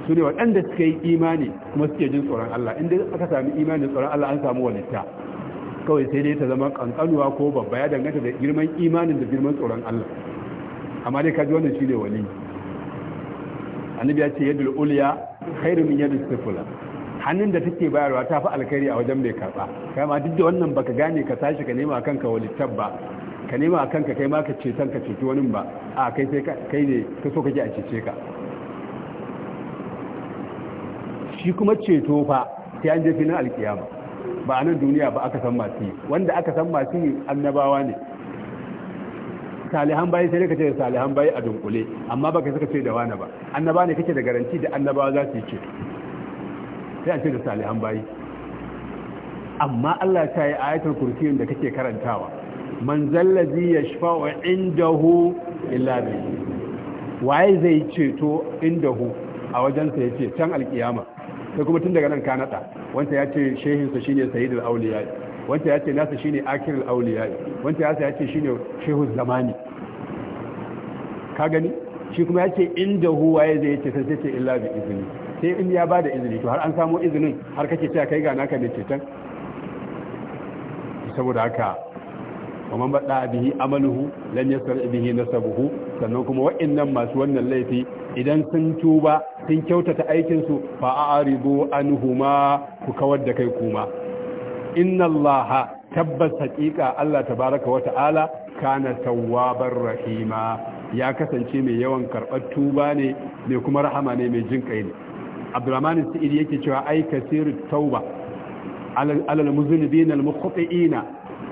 su ne waɗanda suka yi imani kuma suke jin tsoron Allah in dai aka sami imani tsoron Allah an samu walita. kawai sai dai ta zama kankanuwa ko babba ya danganta da girman imanin da girman tsoron Allah amma dai kaji wannan shine wali annabi ya ce yadul ulya khairu min yadis sifula hannun da take bayarwa ta fi alkhairi a wajen mai karba kai ma duk da wannan baka gane ka tashi ka nema kanka walittab ba ka nema kanka kai ma ka ce san ka ceci wani ba a kai sai kai ne ka so kake a cece ka shi kuma ceto fa sai an je filin alkiyama ba a nan duniya ba aka san masu yi wanda aka san masu yi annabawa ne salihan bayi sai ka ce da salihan bayi a dunkule amma baka suka ce da wani ba annaba ne kake da garanti da annabawa za su yi ce sai a ce da salihan bayi amma Allah ta yi ayatul kursiyin da kake karantawa man zallazi yashfa'u indahu illa bi waye zai ceto indahu a wajensa yace can alkiyama sai kuma tun daga nan ka nada wanda ya ce shehinsa shine sayyidul auliya wanda ya ce nasa shine akirul auliya wanda ya ce shine shehu zamani ka gani shi kuma ya ce inda huwa ya zai ce sai ce illa bi izini sai in ya bada izini to har an samu izinin har kake cewa kai ga naka ne cetan saboda haka ومن بدا bihi amaluhu lan yasar bihi nasabuhu sannan kuma wa'annan masu wannan laifi idan sun tuba sun kyautata aikinsu fa an huma ku kawar da kai kuma inna allaha tabbas haqiqa allah tabaraka wa ta'ala kana tawwabar rahima ya kasance mai yawan karɓar tuba ne mai kuma rahama ne mai jin kai ne abdurrahman sa'id yake cewa ai kasirut tauba alal muzunubina al mukhti'ina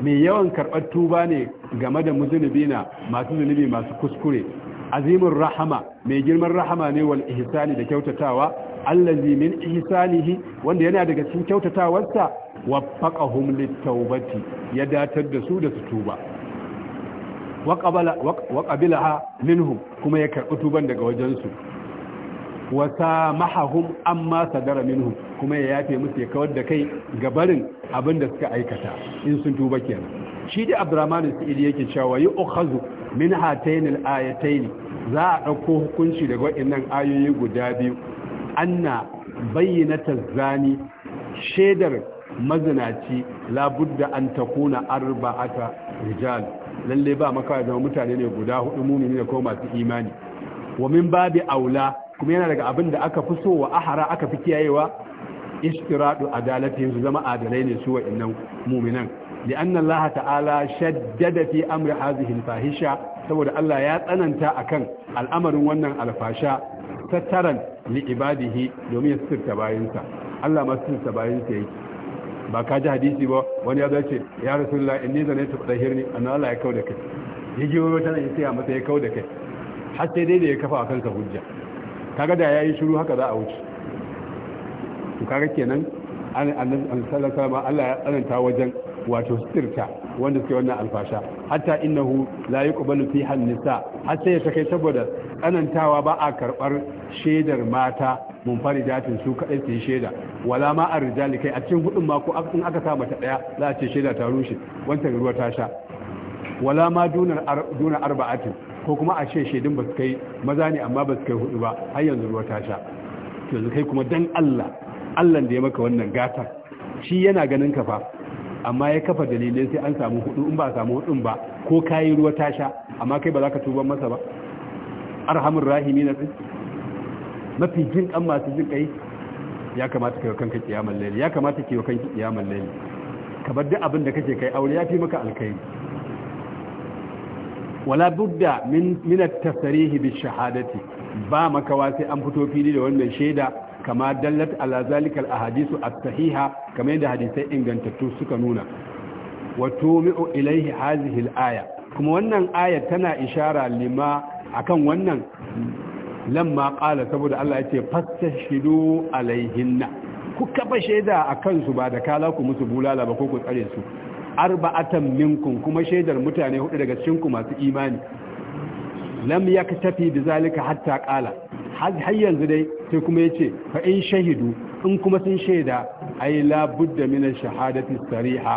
mai yawan karɓar tuba ne game da muzunubina masu zunubi masu kuskure azimin rahama mai girman rahama ne wal ihsani da kyautatawa allazi min ihsanihi wanda yana daga cikin kyautatawarsa waffaqahum littaubati ya datar da su da su tuba wa qabilaha minhum kuma ya karbi tuban daga wajen su wa samahahum amma sadara minhum kuma ya yafe musu ya kawar da kai ga barin abin da suka aikata in sun tuba kenan shi da abdurrahman sa'idi yake cewa yi min hatainil ayataini za a ɗauko hukunci daga waɗannan ayoyi guda biyu anna bayyana zani shaidar mazinaci labudda an takuna arba'ata rijal lalle ba maka zama mutane ne guda hudu mumini da kuma masu imani wa min babi aula kuma yana daga abin da aka fi so wa ahara aka fi kiyayewa istiradu adalatin su zama adalai ne su wa'annan muminan لأن الله تعالى شدد في أمر هذه الفاهشة saboda Allah ya tsananta akan al'amarin wannan alfasha تترى li ibadihi domin ya الله bayansa Allah ma baka bayansa yake ba ka ji hadisi ba wani ya zace ya rasulullah inni zanaitu hirni annabi Allah ya da kai yaji wani tana yin sai masa ya da kai har sai dai da ya kafa a ka hujja kaga da yayi shiru haka za a wuce to kaga kenan annabi sallallahu alaihi wasallam Allah ya tsananta wajen wato sirta wanda suke wannan alfasha hatta innahu la yuqbalu fiha nisa har sai ta kai saboda tsanantawa ba a karbar shedar mata munfaridatin su kadai su yi sheda wala ma rijali kai a cikin hudun ma in aka sa mata daya za a ce sheda ta rushe wancan ruwa ta sha wala ma dunar arba'atin ko kuma a ce shedin ba su kai maza ne amma ba su kai hudu ba har yanzu ruwa ta sha yanzu kai kuma dan Allah Allah da ya maka wannan gatar shi yana ganin ka fa amma ya kafa dalilai sai an samu hudu in ba a samu hudun ba ko kayi ruwa ta sha amma kai ba za ka tuban masa ba arhamun rahimi na tsin mafi jin kan masu jin kai ya kamata kai kanka kiyamar laili ya kamata kai kanka kiyamar laili ka bar duk abin da kake kai aure ya fi maka alkai wala budda da min at-tasrih shahadati ba makawa sai an fito fili da wannan shaida kama dallat ala zalikal ahadisu as-sahiha kamar yadda hadisai ingantattu suka nuna wa tumi'u ilaihi hadhihi al-aya kuma wannan aya tana ishara lima akan wannan lamma qala saboda Allah yace fastashidu alaihinna ku kafa shaida akan su ba da kala ku musu bulala ba ko ku tsare su arba'atan minkum kuma shaidar mutane hudu daga cikin ku masu imani lam da zalika hatta qala har yanzu dai sai kuma yace fa in shahidu in kuma sun shaida ai la budda min ash-shahadati sariha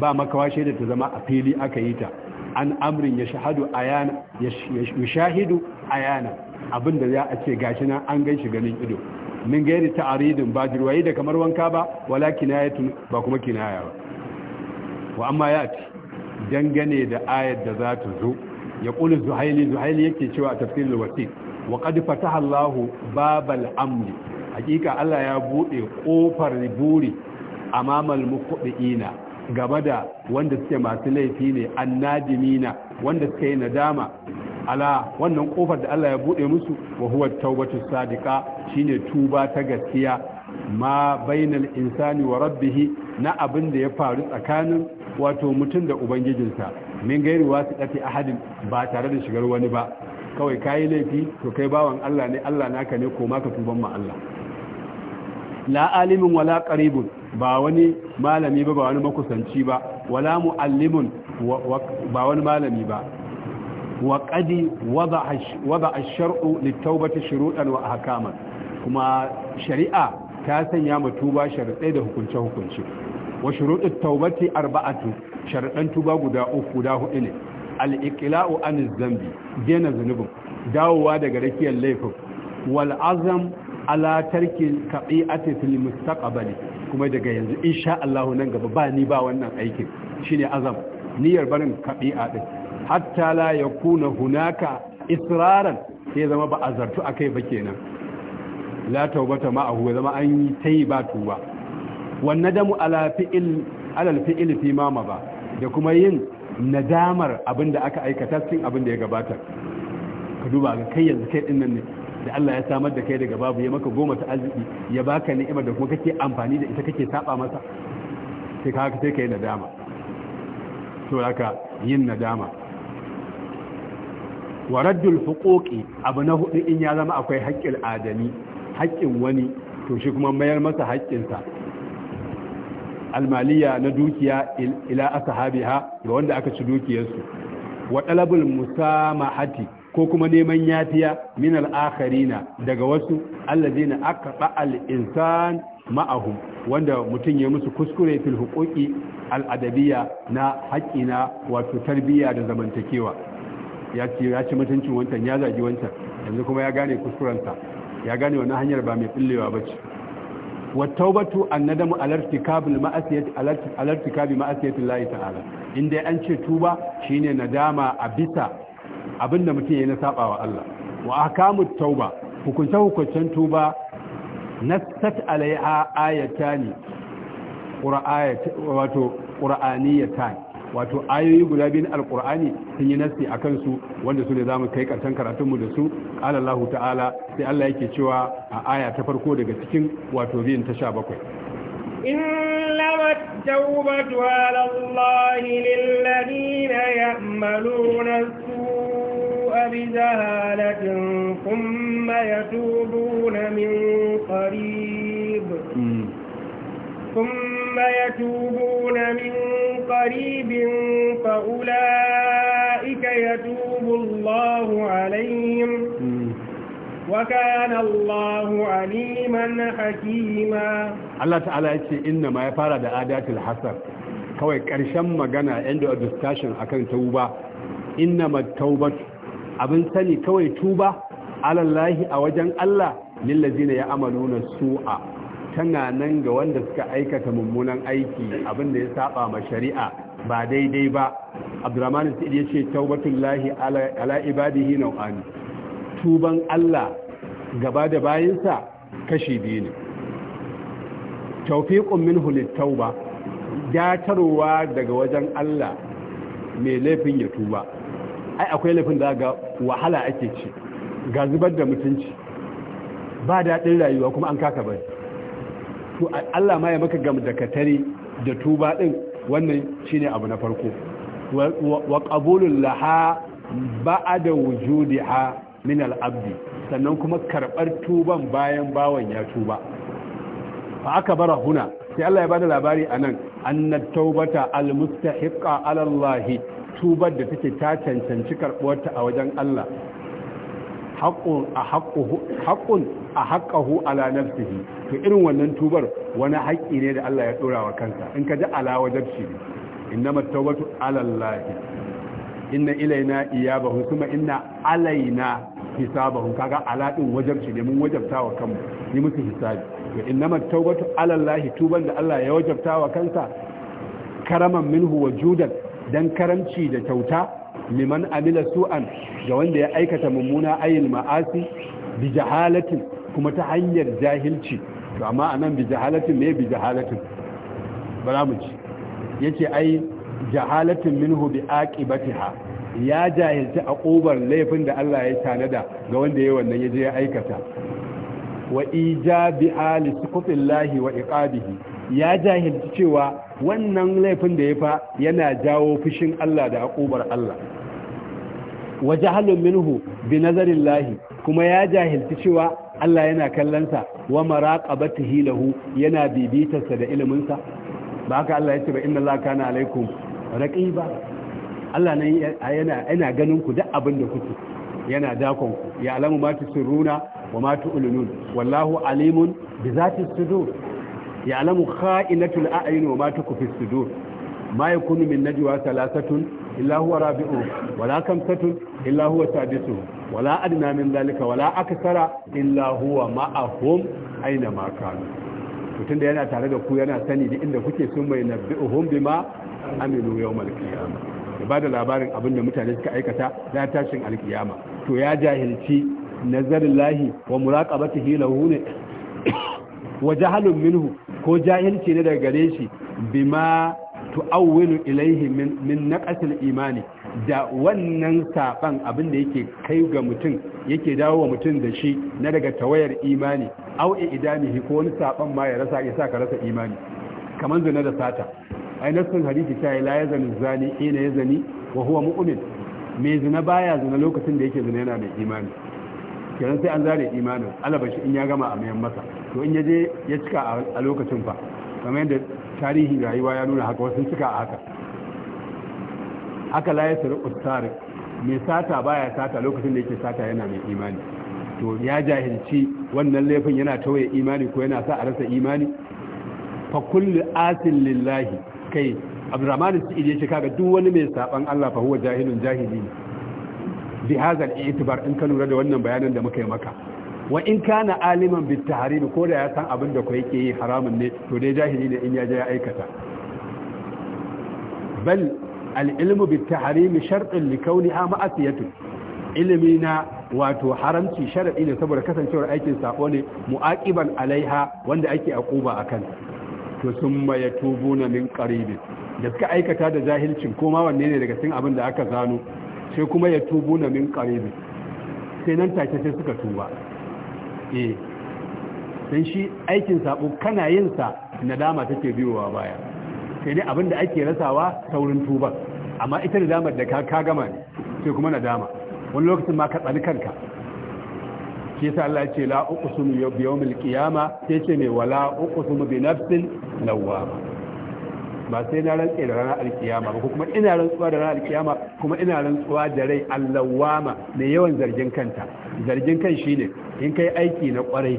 ba makawa shaida ta zama a fili aka yi ta an amrin ya shahadu ayana ya shahidu ayana abinda za a ce gashi nan an gan ganin ido min gairi ta'aridin ba jirwayi da kamar wanka ba wala kinayatun ba kuma kinaya ba wa amma ya ce dangane da ayar da za ta zo ya ƙuli zuhaili zuhaili yake cewa a tafsirin wasi wa qad fataha Allah babal amri hakika Allah ya buɗe ƙofar buri amamal ina gaba da wanda suke masu laifi ne annadimina wanda suka yi nadama ala wannan ƙofar da Allah ya buɗe musu wa huwa taubatu sadiqa shine tuba ta gaskiya ma bainal insani wa rabbih na abin da ya faru tsakanin wato mutum da ubangijinsa min gairi wasu ɗafi ahadin ba tare da shigar wani ba kawai kayi laifi to kai bawan Allah ne Allah naka ne koma ka tuban ma Allah la alimin wala qaribun ba wani malami ba ba wani makusanci ba wala muallimun ba wani malami ba wa qadi wada wada ash-shar'u lit shurutan wa ahkaman kuma shari'a ta sanya mutuba sharuɗai da hukunce hukunce wa shuruɗin taubati arba'atu sharɗan tuba guda uku da hudu ne al'iƙila'u an zambi gina zunubin dawowa daga rakiyar laifin wal azam ala tarki kabi'ati ba ne kuma daga yanzu in sha Allah nan gaba ba ni ba wannan aikin shine azam niyyar barin a ɗin hatta la kuna hunaka israran sai zama ba a a kai ba kenan la taubata ma'ahu zama an yi ta yi ba tuba wannan damu alal fi'il fi mama ba da kuma yin nadamar abin da aka aikata cikin abin ya gabata ka duba ga kai yanzu kai dinnan ne da Allah ya samar da kai daga babu ya maka goma ta arziki ya baka ni'imar da kuma kake amfani da ita kake saba masa sai ka haka kai nadama to haka yin nadama wa raddul huquqi abu na hudu in ya zama akwai haƙƙin adami haƙƙin wani to shi kuma mayar masa haƙƙinsa almaliya na dukiya ila ashabiha ga wanda aka ci dukiyarsu wa talabul musamahati ko kuma neman yafiya min al-akharina daga wasu allazina aka al-insan ma'ahum wanda mutum ya musu kuskure fil huquqi al-adabiyya na haƙina wato tarbiyya da zamantakewa ya ce ya ci mutuncin wancan ya zagi wancan yanzu kuma ya gane kuskurensa ya gane wannan hanyar ba mai billewa bace wattaubatu annadamu alartikabil ma'asiyati alartikabi ma'asiyati Allah ta'ala inda an ce tuba shine nadama a bisa abinda mutum yayi na sabawa Allah wa ahkamut tauba hukunce hukuncen tuba nassat alaiha ayatani qura'ayat wato qur'aniyatan wato ayoyi guda biyu na alkur'ani sun yi nasi a kansu wanda su ne za mu kai karshen karatunmu da su qala ta'ala sai allah yake cewa a aya ta farko daga cikin wato biyun ta sha bakwai إنما التوبة على الله بجهالة ثم يتوبون من قريب ثم ثم يتوبون من قريب فأولئك يتوب الله عليهم وكان الله عليما حكيما الله تعالى يقول إنما يفعل بآدات الحسر kawai ƙarshen magana end of discussion akan tauba innama abin sani kawai tuba alallahi a wajen Allah lillazina ya'maluna su'a tana nan ga wanda suka aikata mummunan aiki abinda ya saba ma shari'a ba daidai ba abdurrahman sa'id ya ce taubatullahi ala ibadihi nau'ani tuban Allah gaba da bayinsa kashi biyu ne tawfiqun minhu littauba gatarwa daga wajen Allah mai laifin ya tuba ai akwai laifin da ga wahala ake ci ga zubar da mutunci ba daɗin rayuwa kuma an kaka bari to Allah ma ya maka gamdakatare da tuba din wannan shine abu na farko wa qabulul laha ba'da wujudiha min al sannan kuma karɓar tuban bayan bawan ya tuba fa aka bara huna sai Allah ya bada labari anan annat taubata al hifka ala Allah tubar da take ta cancanci karbuwarta a wajen Allah haƙƙun a haƙƙun a haƙƙahu ala nafsihi to irin wannan tubar wani haƙƙi ne da Allah ya dora wa kansa in ka ji ala wajabci innama tawbatu ala Allah inna ilaina iyabahum kuma inna alaina hisabahum kaga ala din wajabci ne mun wajabta wa kanmu yi musu hisabi to innama tawbatu ala Allah tuban da Allah ya wajabta wa kansa karaman minhu wajudan dan karamci da kyauta liman amila su'an ga wanda ya aikata mummuna ayin ma'asi bi jahalatin kuma ta hanyar jahilci to amma anan bi jahalatin me bi jahalatin baramuci yace ai jahalatin minhu bi aqibatiha ya jahilci akobar laifin da Allah ya tanada ga wanda ya wannan yaje ya aikata wa ijabi ali sukufillahi wa iqabihi ya jahilci cewa wannan laifin da ya fa yana jawo fushin Allah da akobar Allah wa jahalun minhu bi nazarin lahi. kuma ya jahilci cewa Allah yana kallonsa wa maraqabatihi lahu yana bibitarsa da ilimin sa ba haka Allah ya ce ba inna Allah kana alaikum raqiba Allah nan yana yana ganin ku duk abin da kuke yana dakon ku ya alamu ma tusirruna wa ma tu'linun wallahu alimun bi zati sudur ya alamu kha'inatul a'yun wa ma tukfi sudur ما يكون من نجوى ثلاثة إلا هو رابعه ولا خمسة إلا هو سادسه ولا أدنى من ذلك ولا أكثر إلا هو aina ma كانوا mutum da yana tare da ku yana sani da inda kuke sun mai nabbi'uhum bima amilu yawmal qiyamah ya bada labarin abin da mutane suka aikata na tashin alkiyama to ya jahilci nazarin lahi wa muraqabatihi lahu ne wa jahalun minhu ko jahilci ne daga gare shi bima tu'awwilu ilaihi min min naqasil imani da wannan saban abin da yake kai ga mutum yake dawo wa mutum da shi na daga tawayar imani aw idamihi ko wani saban ma ya rasa ya saka rasa imani kaman zina da sata ai nasun hadisi ta la yazani zani ina yazani wa huwa mu'min mai zina baya zina lokacin da yake zina yana mai imani kiran sai an zare imanin alabashi in ya gama a mayan masa to in ya je ya cika a lokacin fa kamar yadda tarihi rayuwa ya nuna haka wasu suka haka haka la ya ustari mai sata baya sata lokacin da yake sata yana mai imani to ya jahilci wannan laifin yana tauye imani ko yana sa a rasa imani fa kullu asin lillahi kai abdurrahman sa'id yace kaga duk wani mai saban Allah fa huwa jahilun jahili bi hadha al-i'tibar in ka lura da wannan bayanan da muka yi maka wa in kana aliman bi tahrim ko da ya san abin da ku yake yi haramun ne to dai jahili ne in ya je ya aikata bal al ilmu bi tahrim shartun li kauniha ma'asiyatu ilmi na wato haramci sharadi ne saboda kasancewar aikin sako ne mu'aqiban alaiha wanda ake akuba akan to summa yatubuna min qaribi da suka aikata da jahilcin koma wanne ne daga cikin abin da aka zano sai kuma ya min ƙaribi sai nan take sai suka tuba eh dan shi aikin sabo kana yin sa nadama take biyowa baya sai dai abinda ake rasawa saurin tuba amma ita nadamar da ka gama ne sai kuma nadama wani lokacin ma ka tsani kanka ke sa Allah ce la uqsimu bi yawmil qiyama sai ce ne wala bi nafsin lawwama ba sai na rantse da ranar alkiyama ba kuma ina rantsuwa da ranar alkiyama kuma ina rantsuwa da rai allawama mai yawan zargin kanta zargin kan shi ne in kai aiki na kwarai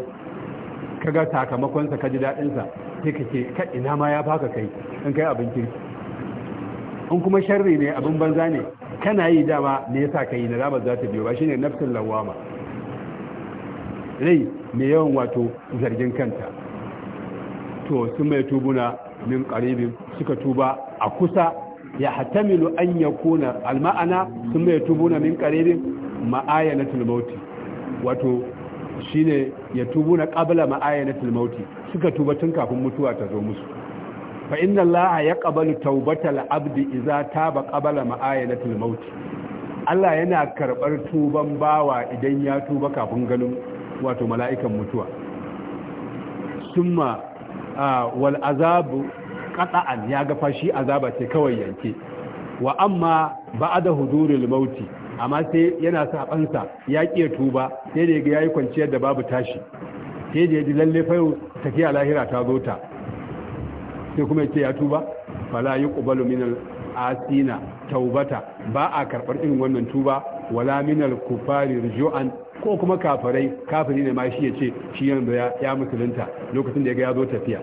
kaga sakamakonsa ka ji daɗinsa sai ka ce ka ina ma ya baka kai in kai abin kirki in kuma sharri ne abin banza ne kana yi dama me yasa kai na zama za ta biyo ba shine nafsin lawama rai mai yawan wato zargin kanta to sun mai tubuna min qaribin suka tuba a kusa ya hatamilu an yakuna alma'ana sun mai tubuna min qaribin ma'ayanatul mauti wato shine ya tubuna qabla ma'ayanatul mauti suka tuba tun kafin mutuwa ta zo musu fa inna ya yaqbalu tawbatal abdi idza taba qabla ma'ayanatul mauti Allah yana karɓar tuban bawa idan ya tuba kafin ganin wato mala'ikan mutuwa summa wal azabu qata'an ya ga fashi azaba ce kawai yanke wa amma ba'da huduril mauti amma sai yana sabansa ya ƙi tuba sai da ga yayi kwanciyar da babu tashi sai da ji lalle fa tafiya lahira ta zo ta sai kuma yace ya tuba fala yuqbalu min asina taubata ba a karbar irin wannan tuba wala min al kufari rujuan ko kuma kafirai kafiri ne ma shi ya ce shi yanzu ya musulunta lokacin da ya ga ya zo tafiya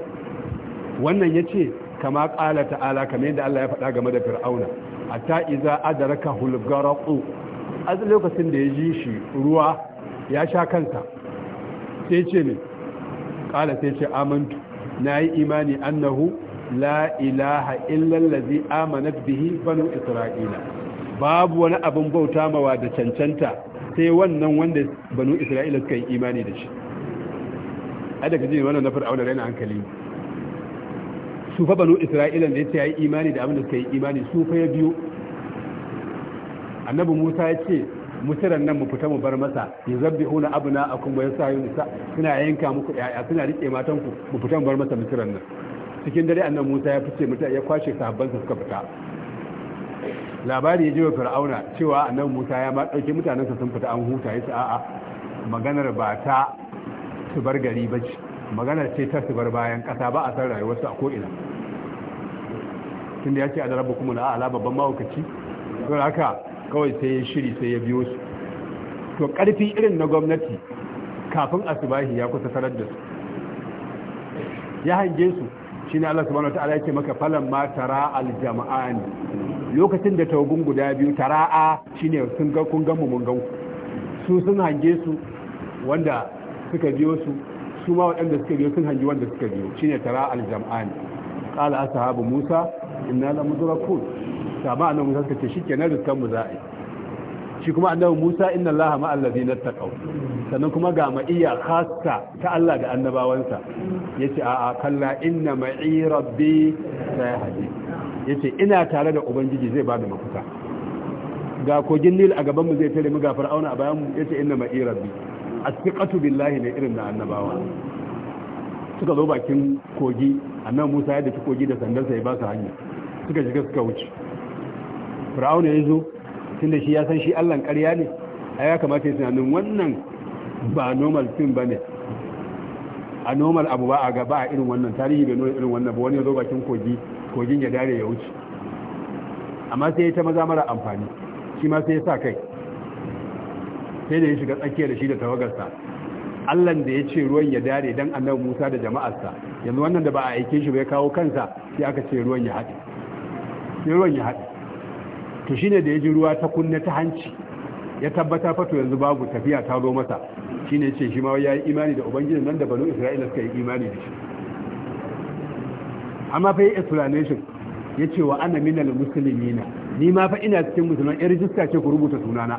wannan ya ce kama ƙala ta'ala kamar yadda Allah ya faɗa game da fir'auna hatta iza adraka hulgaraqu az lokacin da ya ji shi ruwa ya sha kansa sai ce ne ƙala sai ce amantu nayi imani annahu la ilaha illa allazi amanat bihi banu isra'ila babu wani abin bauta mawa da cancanta sai wannan wanda banu isra'ila suka yi imani da shi a daga jini wannan na fir'auna raina hankali su fa banu isra'ilan da ya ce ya yi imani da abin da suka yi imani su fa ya biyo annabi musa ya ce muturan nan mu fita mu bar masa ya zabbi huna abu na akun bayan sayu nisa suna yanka muku yaya suna rike matan ku mu fita mu bar masa muturan nan cikin dare annabi musa ya fice mutum ya kwashe sahabbansa suka fita labari ya je wa fir'auna cewa nan musa ya ma dauke mutanensa sun fita an huta yace a'a maganar ba ta su gari ba ce maganar ce ta su bayan kasa ba a san rayuwarsu a ko'ina tunda ya ce a da kuma na ala babban mahaukaci don haka kawai sai ya shiri sai ya biyo su to karfi irin na gwamnati kafin asubahi ya kusa tarar da su ya hange su shine Allah subhanahu ta'ala yake maka falan ma tara ne. lokacin da taubun guda biyu tara'a shine sun ga kun gamu mun gau su sun hange su wanda suka biyo su su ma waɗanda suka biyo sun hange wanda suka biyo shine tara'a aljam'ani qala ashabu musa inna la mudrakun sama annabi musa suka ce shikenan riskan mu yi. shi kuma annabi musa inna allaha ma'al ladina taqaw sannan kuma ga ma'iya khassa ta Allah da annabawansa yace a'a kalla inna ma'i rabbi sayahdi yace ina tare da ubangiji zai bada mafita ga kogin nil a gabanmu zai tare mu ga fir'auna a bayanmu ya ce ina ma'i rabbi asiqatu billahi ne irin na annabawa suka zo bakin kogi nan Musa ya dace kogi da sandarsa ya ba su hanya suka shiga suka wuce fir'auna ya zo da shi ya san shi allan ƙarya ne a ya kamata ya tunanin wannan ba normal ba ne a normal abu ba a gaba a irin wannan tarihi bai nuna irin wannan ba wani ya zo bakin kogi kogin ya dare ya wuce amma sai ya ta maza mara amfani shi ma sai ya sa kai sai da ya shiga tsakiyar da shi da tawagarsa allan da ya ce ruwan ya dare don annabu musa da jama'arsa yanzu wannan da ba a aike shi bai kawo kansa sai aka ce ruwan ya haɗe sai ruwan ya haɗe to ne da ya ji ruwa ta kunne ta hanci ya tabbata fato yanzu babu tafiya ta zo masa shi ne ce shi ma ya yi imani da ubangiji nan da banu isra'ila suka yi imani da shi amma fa yi explanation ya ce wa ana minal na? ni ma fa ina cikin musulman ya rijista ce ku rubuta sunana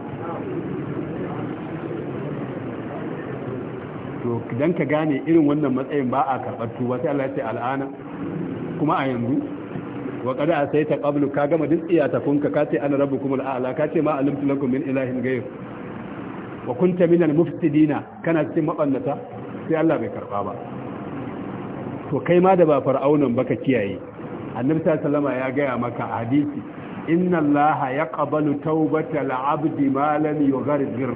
to dan ka gane irin wannan matsayin ba a karɓar tuba sai Allah ya ce al'ana kuma a yanzu wa kada a sai ta qablu ka gama duk iyatafunka ka ce ana rabbukum al'ala ka ce ma alimtu lakum min ilahin ghayr wa kunta minal mufsidina kana cikin mabannata sai Allah bai karba ba to kai ma da ba fara'aunan baka kiyaye annabi sallama ya gaya maka hadisi inna allaha yaqbalu tawbatal abdi ma lam yughargir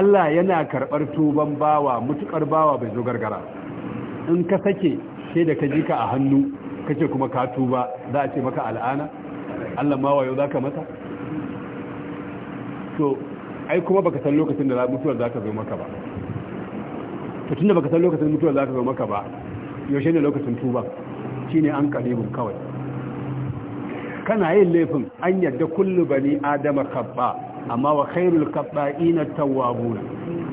Allah yana karɓar tuban bawa mutukar bawa bai zo gargara in ka sake sai da ka ji ka a hannu kace kuma ka tuba za a ce maka al'ana Allah ma wayo zaka mata to ai kuma baka san lokacin da mutuwar zaka zo maka ba to tunda baka san lokacin mutuwar zaka zo maka ba yaushe ne lokacin tuba shine an kalibin kawai kana yin laifin an yadda kullu bani adama kabba amma wa khairul kabba'ina tawwabuna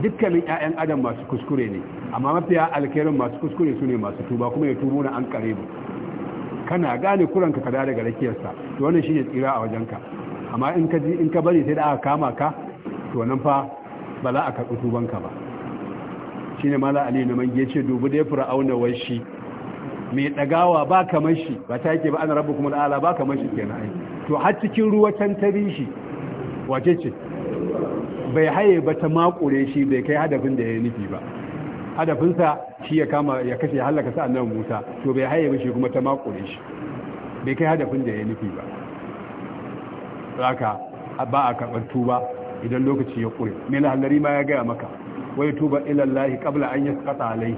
dukkanin ƴaƴan adam masu kuskure ne amma mafiya alkhairin masu kuskure sune masu tuba kuma ya tubo na an kana gane kuranka ka daga rakiyarsa to wannan shine tsira a wajenka amma in ka in ka bari sai da aka kama ka to nan fa ba za a karɓi tubanka ba ne mala ali na mange ce dubu dai fir'auna wai shi mai dagawa ba kamar shi ba ta yake ba ana rabu kuma ala ba kamar shi kenan ai to har cikin ruwa can ta bi shi wace ce bai haye ba ta makure shi bai kai hadafin da ya nufi ba hadafinsa shi ya kama ya kashe halaka sa annabi Musa to bai haye ba shi kuma ta makure shi bai kai hadafin da ya nufi ba haka ba a karɓar tuba idan lokaci ya ƙure mai lahallari ma ya gaya maka wai tuba ilallahi kabla an yi kasa alai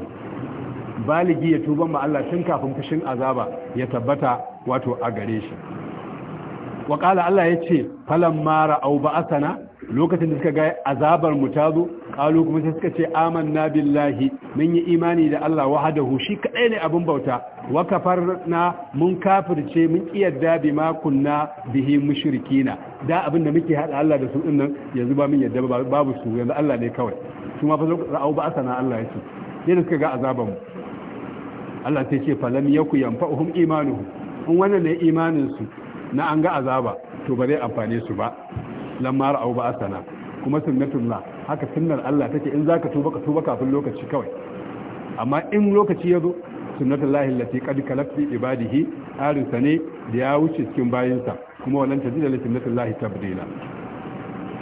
baligi ya tuba ma Allah tun kafin fushin azaba ya tabbata wato a gare shi wa kala Allah ya ce falan mara au ba'asana lokacin da suka ga azabar mu ta zo kalu kuma sai suka ce amanna billahi mun yi imani da Allah wahdahu shi kadai ne abin bauta wa kafarna mun kafirce mun kiyarda bima kunna bihi mushrikina da abin da muke hada Allah da su dinnan yanzu ba mun yadda babu su yanzu Allah ne kawai su ma fa ra'au ba asana Allah yake sai da suka ga azaban mu Allah sai ce falam yaku yanfa'uhum imanuhum in wannan ne imanin su na an ga azaba to ba zai amfane su ba lamma ra'au ba asana kuma sunnatullah haka sunnar Allah take in zaka tuba ka tuba kafin lokaci kawai amma in lokaci ya zo sunnatullahi allati qad kalafti ibadihi arinsa ne da ya wuce cikin bayinsa kuma walan tajida li sunnatullahi tabdila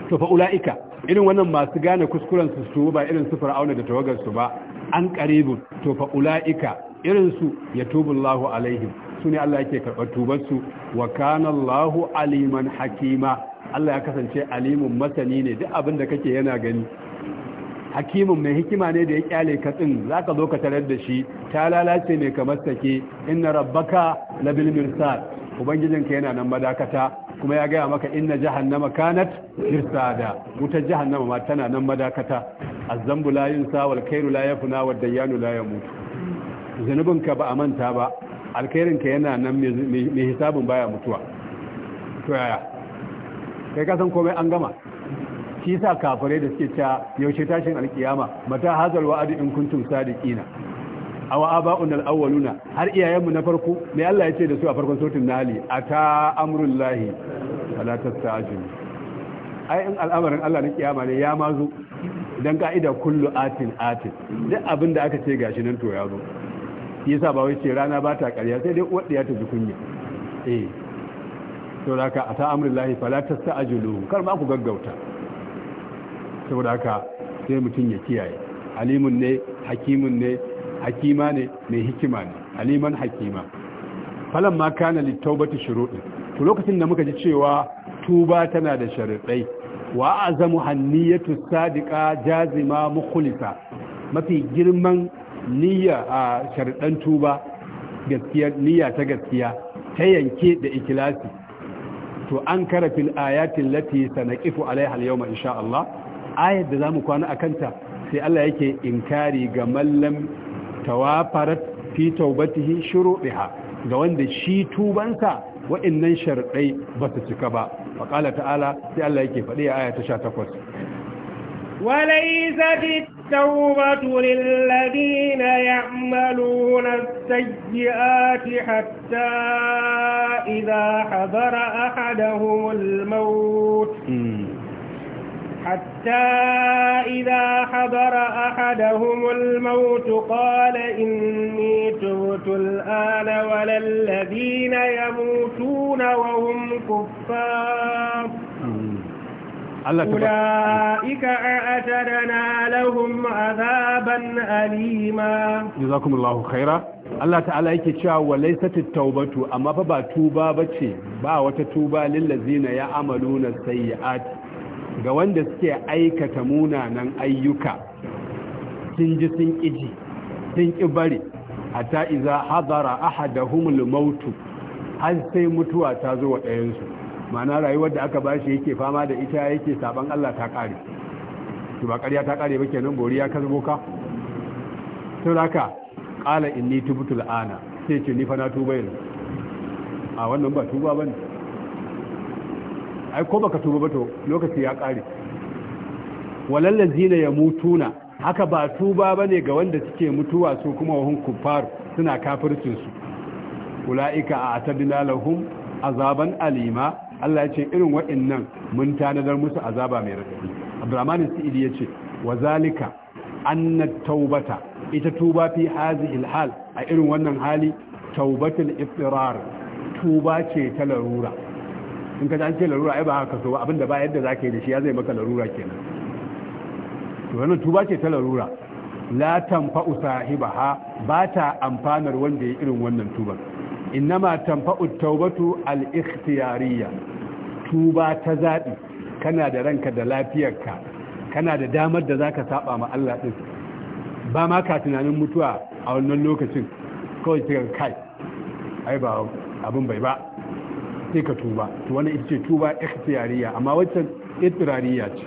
to fa ulaika irin wannan masu gane kuskuren su ba irin su fir'auna da tawagarsu ba an karibu to fa ulaika irin su yatubu Allahu alaihim sune Allah yake karɓar tubar su wa kana Allahu aliman hakima Allah ya kasance alimun masani ne duk abin da kake yana gani Hakimun mai hikima ne da ya kyale katsin za ka zo ka tarar da shi ta lalace mai kamar sake inna rabbaka labil mirsad ubangijinka yana nan madakata kuma ya gaya maka inna jahannama kanat mirsada wutar jahannama ma tana nan madakata azzambu la yunsa wal khairu la yafna wad dayanu la yamut zanubinka ba a manta ba ka yana nan mai hisabin baya mutuwa to yaya kai ka san komai an gama shi sa kafirai da suke ta yaushe tashin alkiyama mata hazal wa'adu in kuntum sadiqina awa aba'una al-awwaluna har iyayenmu na farko mai Allah ya ce da su a farkon sautin nahli ata amrullahi fala tasta'jilu ai in al'amarin Allah na kiyama ne ya mazo dan ka'ida kullu atin atin duk abin da aka ce gashi nan to ya zo yasa ba wai ce rana ba ta ƙarya sai dai uwar ya ta ji kunya eh to da haka ata amrullahi fala tasta'jilu kar ma ku gaggauta saboda haka sai mutum ya kiyaye alimun ne hakimun ne hakima ne mai hikima ne aliman hakima falan ma kana littaubati shuruɗin to lokacin da muka ji cewa tuba tana da sharuɗai wa azamu hanniyatu sadiqa jazima mukhlisa mafi girman niyya a sharuɗan tuba gaskiya niyya ta gaskiya ta yanke da ikilasi to an kara fil ayatin lati sanaqifu alaiha al insha Allah ayat da zamu kwana akanta sai Allah yake inkari ga mallam tawafarat fi taubatihi shuru'iha ga wanda shi tubansa waɗannan sharɗai ba su cika ba fa ta'ala sai Allah yake faɗi a aya ta 18 walaysat at-tawbatu lil-ladina ya'maluna as-sayyi'ati حتى إذا حضر أحدهم الموت قال إني تبت الآن ولا الذين يموتون وهم كفار أولئك أعتدنا لهم عذابا أليما جزاكم الله خيرا الله تعالى yake وليست التوبة أما فبا amma بشي با tuba للذين يعملون السيئات ga wanda suke aikata munanan ayyuka sun ji sun ƙiji sun ƙi bari hatta iza hadara ahadahumul mautu har sai mutuwa ta zo wa ɗayansu ma'ana rayuwar da aka bashi yake fama da ita yake saban Allah ta ƙare to ba ƙarya ta ƙare ba kenan bori ya kasbo ka to haka ƙala inni tubtu al'ana sai ce ni fa na tuba yanzu a wannan ba tuba ne. ai ko baka tuba ba to lokaci ya kare walallazina yamutuna haka ba tuba bane ga wanda suke mutuwa su kuma wahun kufar suna kafircin su ulaika a'tadna lahum azaban alima Allah ya ce irin wa'annan mun tanadar musu azaba mai radadi Abdurrahman Sa'idi yace wa zalika anna taubata ita tuba fi hazihi alhal a irin wannan hali taubatul iftirar tuba ce ta larura in ka an ce larura ai ba haka so ba abinda ba yadda zaka yi da shi ya zai maka larura kenan to wannan tuba ce ta larura la usahiba sahibaha ba ta amfanar wanda ya irin wannan tuban innama tanfa'u taubatu al-ikhtiyariyya tuba ta zabi kana da ranka da lafiyarka kana da damar da zaka saba ma Allah din ba ma ka tunanin mutuwa a wannan lokacin kawai sai kai ai ba abin bai ba sai ka tuba to wannan ita ce tuba ikhtiyariya amma waccan itirariya ce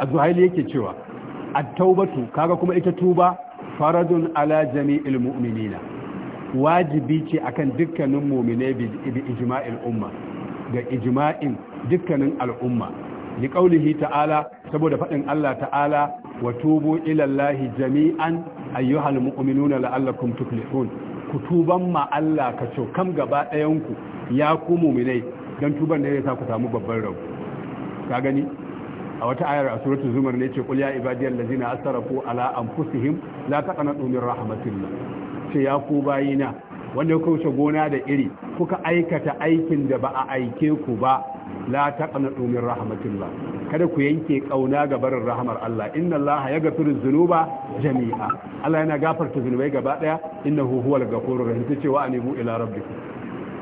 a zuhaili yake cewa at-taubatu kaga kuma ita tuba faradun ala jami'il mu'minina wajibi ce akan dukkanin mu'mine bi ijma'il umma ga ijma'in dukkanin al'umma li kaulihi ta'ala saboda fadin Allah ta'ala wa tubu ila Allah jami'an ayyuhal mu'minuna la'allakum tuflihun ku tuban ma Allah ka ce kam gaba ɗayan ya ku mu'minai don tuban ne ya sa ku samu babban rabu ka gani a wata ayar a suratu zumar ne ce kulya ibadiyar lazina asarafu ala an fusihim la taqnatu min rahmatillah ce ya ku bayina wanda ya wuce gona da iri kuka aikata aikin da ba a aike ku ba la taqnatu min rahmatillah kada ku yanke kauna ga barin rahamar Allah inna Allah ya gafiru zunuba jami'a Allah yana gafarta zunubai gaba daya innahu huwal ghafurur rahim tace wa anibu ila rabbikum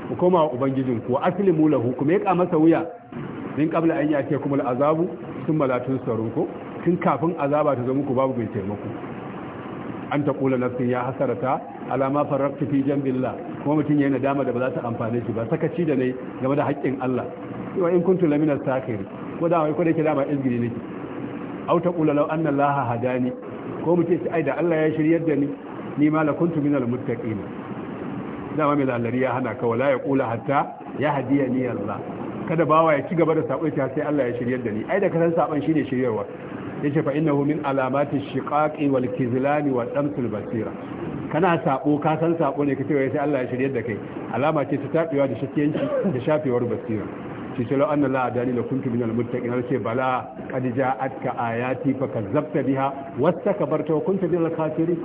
ku koma wa ubangijin ku aslimu lahu kuma ya masa wuya din qabla an yake kuma al'azabu thumma la tunsarun ko tun kafin azaba ta zo muku babu mai taimako an ta kula nafsi ya hasarata alama farrafta fi jambillah kuma mutum yana nadama da ba za ta amfane shi ba sakaci da ne game da haƙƙin Allah wa in kuntu lamina sakiri ko da wai ko da ke dama izgiri ne au ta qula law anna allaha hadani ko mu ce ai da Allah ya shiryar da ni ni ma la kuntu minal muttaqin dama mai lalari ya hana ka wala ya qula hatta ya hadiya ni Allah kada bawa ya ci gaba da sabo ta sai Allah ya shiryar da ni ai da kasan sabon shine shiryarwa yace fa innahu min alamatish shiqaqi wal kizlani wa damsul basira kana sabo ka san sabo ne kace wai sai Allah ya shiryar da kai alama ce ta tabewa da shakiyanci da shafewar basira ce sai lau annala a dalila kuntu min almuttaqin ce bala qad ja'atka ayati fa kazzabta biha wastakbarta wa kunta min alkafirin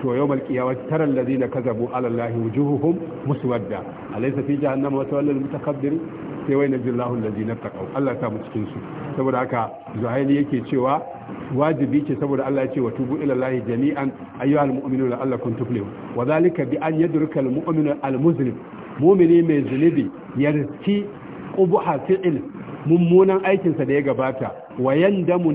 to yawmal qiyamah tara alladhina kazabu ala allahi wujuhuhum muswadda alaysa fi jahannama matawallal mutakabbirin sai wai najillahu alladhina taqaw Allah ta mu cikin su saboda haka zuhaili yake cewa wajibi ce saboda Allah ya ce wa tubu ila allahi jami'an ayyuhal mu'minuna kuntu tuflihun wa dhalika bi an al yadruka al almuzlim mu'mini mai zunubi ya riski qubuha fi'il mummunan aikinsa da ya gabata wa yandamu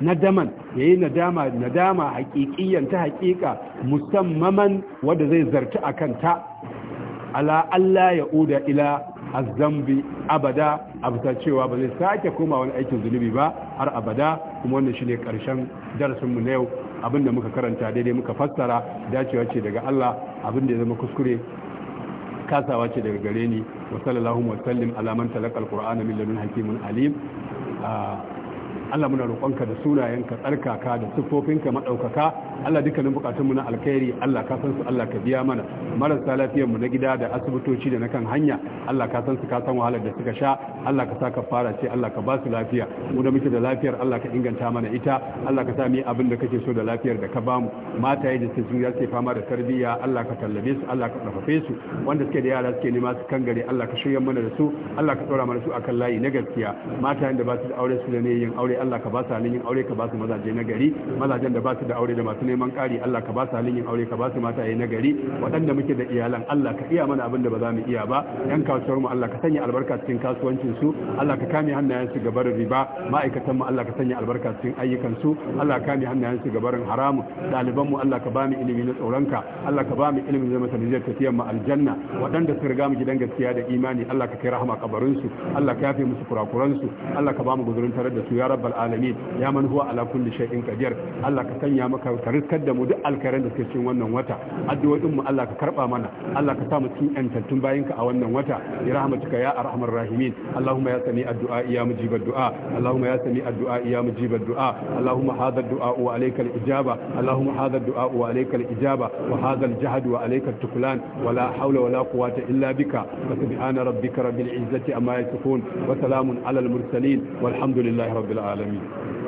nadaman yayi nadama nadama haƙiƙiyan ta haƙiƙa musammaman wanda zai zarta a kanta ala Allah ya uda ila azzambi abada abuta cewa ba zai sake koma wani aikin zunubi ba har abada kuma wannan shine karshen ƙarshen darasinmu na yau abinda muka karanta daidai muka fassara dacewa ce daga Allah abinda ya zama kuskure kasawa ce daga gare ni wa sallallahu wa sallim ala man talaqa alqur'ana min ladun hakimin alim ah, Allah muna roƙonka da sunayenka tsarkaka da siffofinka maɗaukaka Allah dukkanin bukatunmu na alkhairi Allah ka san su Allah ka biya mana marasa lafiyar mu na gida da asibitoci da na kan hanya Allah ka san su ka san wahalar da suka sha Allah ka saka fara ce Allah ka ba su lafiya mu da muke da lafiyar Allah ka inganta mana ita Allah ka sa mu abin da kake so da lafiyar da ka ba mu yayin da ya ce fama da tarbiyya Allah ka tallabe su Allah ka karfafe su wanda suke da yara suke nema su kangare Allah ka shirya mana da su Allah ka tsora mana su akan layi na gaskiya matayen da ba su da aure su da ne yin aure aure Allah ka ba su halin yin aure ka ba su mazaje na gari mazajen da ba su da aure da masu neman ƙari Allah ka ba su halin yin aure ka ba su mataye na gari waɗanda muke da iyalan Allah ka iya mana abin da ba za mu iya ba yan kasuwar mu Allah ka sanya albarka cikin kasuwancin su Allah ka kame hannayen su gabar riba ma'aikatan mu Allah ka sanya albarka cikin ayyukan su Allah ka kame hannayen su gabarin haramu ɗaliban mu Allah ka ba mu ilimi na tsoronka Allah ka ba mu ilimin zama sanadiyar tafiyar mu aljanna waɗanda suka riga mu gidan gaskiya da imani Allah ka kai rahama kabarin su Allah ka yafe musu kurakuran su Allah ka ba mu guzurin tare da su ya rabba rabbal alamin ya man huwa ala kulli shay'in qadir Allah ka sanya maka ka da mu duk alkaran da suke cikin wannan wata addu'o'in mu Allah ka karba mana Allah ka sa mu cikin yantattun ka a wannan wata bi rahmatika ya arhamar rahimin Allahumma ya sami addu'a ya mujib du'a. Allahumma ya sami addu'a ya mujib addu'a Allahumma hadha addu'a wa alayka al-ijaba Allahumma hadha du'a wa alayka al-ijaba wa hadha al-jahd wa alayka at-tuklan wa la hawla wa la quwwata illa bika subhana rabbika rabbil izzati amma yasifun wa salamun ala al-mursalin والحمد لله رب العالمين العالمين